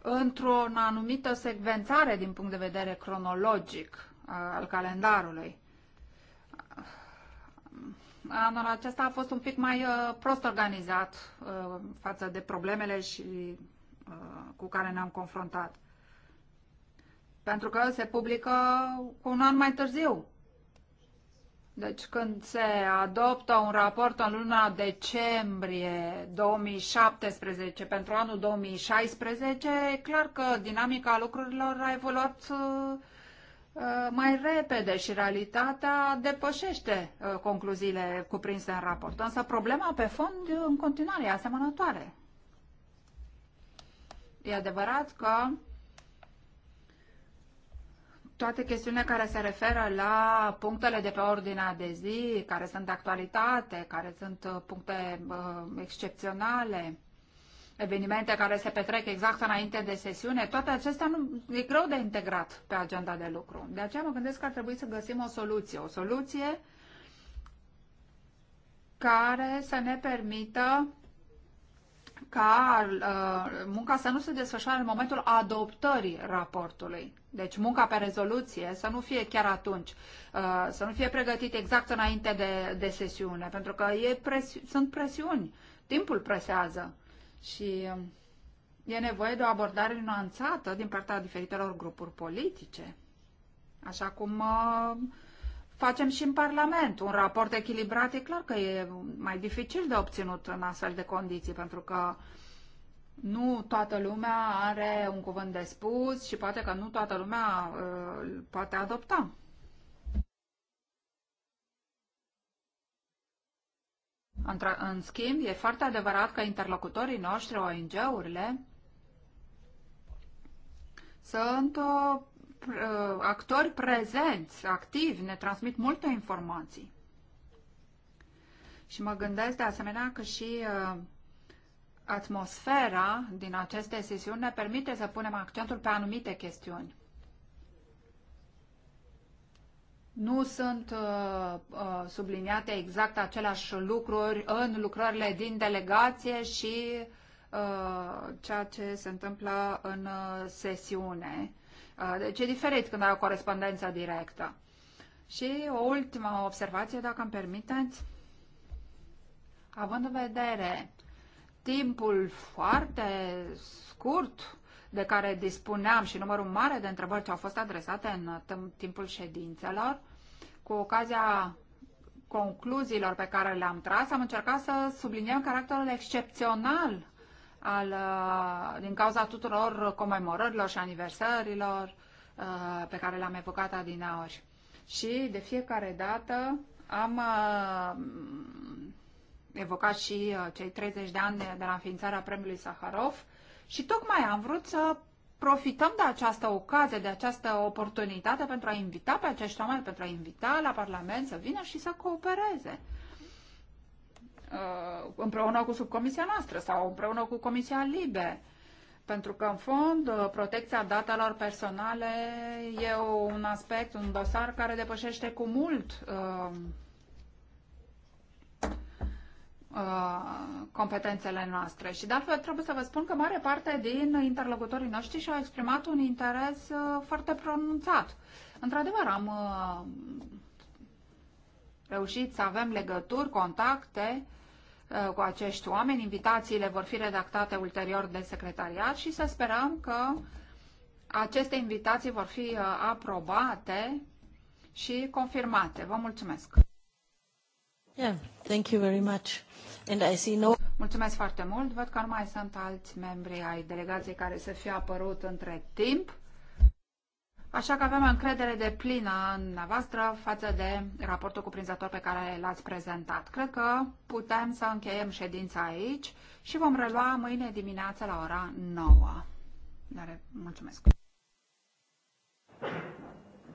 într-o anumită secvențare din punct de vedere cronologic al calendarului anul acesta a fost un pic mai uh, prost organizat uh, față de problemele și uh, cu care ne-am confruntat. Pentru că se publică cu un an mai târziu. Deci când se adoptă un raport în luna decembrie 2017 pentru anul 2016, e clar că dinamica lucrurilor a evoluat uh, Uh, mai repede și realitatea depășește uh, concluziile cuprinse în raport. Însă problema pe fond uh, în continuare e asemănătoare. E adevărat că toate chestiunile care se referă la punctele de pe ordinea de zi, care sunt de actualitate, care sunt puncte uh, excepționale, evenimente care se petrec exact înainte de sesiune, toate acestea nu, e greu de integrat pe agenda de lucru. De aceea mă gândesc că ar trebui să găsim o soluție. O soluție care să ne permită ca uh, munca să nu se desfășoare în momentul adoptării raportului. Deci munca pe rezoluție să nu fie chiar atunci, uh, să nu fie pregătit exact înainte de, de sesiune, pentru că e presi- sunt presiuni, timpul presează. Și um, e nevoie de o abordare nuanțată din partea diferitelor grupuri politice. Așa cum um, facem și în Parlament. Un raport echilibrat e clar că e mai dificil de obținut în astfel de condiții, pentru că nu toată lumea are un cuvânt de spus și poate că nu toată lumea uh, poate adopta În schimb, e foarte adevărat că interlocutorii noștri, ONG-urile, sunt uh, uh, actori prezenți, activi, ne transmit multe informații. Și mă gândesc de asemenea că și uh, atmosfera din aceste sesiuni ne permite să punem accentul pe anumite chestiuni. nu sunt uh, uh, subliniate exact aceleași lucruri în lucrările din delegație și uh, ceea ce se întâmplă în uh, sesiune. Uh, deci e diferit când ai o corespondență directă. Și o ultimă observație, dacă îmi permiteți. Având în vedere timpul foarte scurt de care dispuneam și numărul mare de întrebări ce au fost adresate în uh, timpul ședințelor, cu ocazia concluziilor pe care le-am tras, am încercat să subliniem caracterul excepțional al, uh, din cauza tuturor comemorărilor și aniversărilor uh, pe care le-am evocat adineori. Și de fiecare dată am uh, evocat și cei 30 de ani de la înființarea premiului Saharov și tocmai am vrut să profităm de această ocazie, de această oportunitate pentru a invita pe acești oameni, pentru a invita la Parlament să vină și să coopereze uh, împreună cu subcomisia noastră sau împreună cu Comisia Libe. Pentru că, în fond, uh, protecția datelor personale e un aspect, un dosar care depășește cu mult uh, Uh, competențele noastre. Și de altfel trebuie să vă spun că mare parte din interlocutorii noștri și-au exprimat un interes uh, foarte pronunțat. Într-adevăr, am uh, reușit să avem legături, contacte cu acești oameni. Invitațiile vor fi redactate ulterior de secretariat și să sperăm că aceste invitații vor fi aprobate și confirmate. Vă mulțumesc! Yeah, thank you very much. And I see no... Mulțumesc foarte mult. Văd că nu mai sunt alți membri ai delegației care să fie apărut între timp. Așa că avem încredere de plină în dumneavoastră față de raportul cuprinzător pe care l-ați prezentat. Cred că putem să încheiem ședința aici și vom relua mâine dimineață la ora 9. Dar mulțumesc!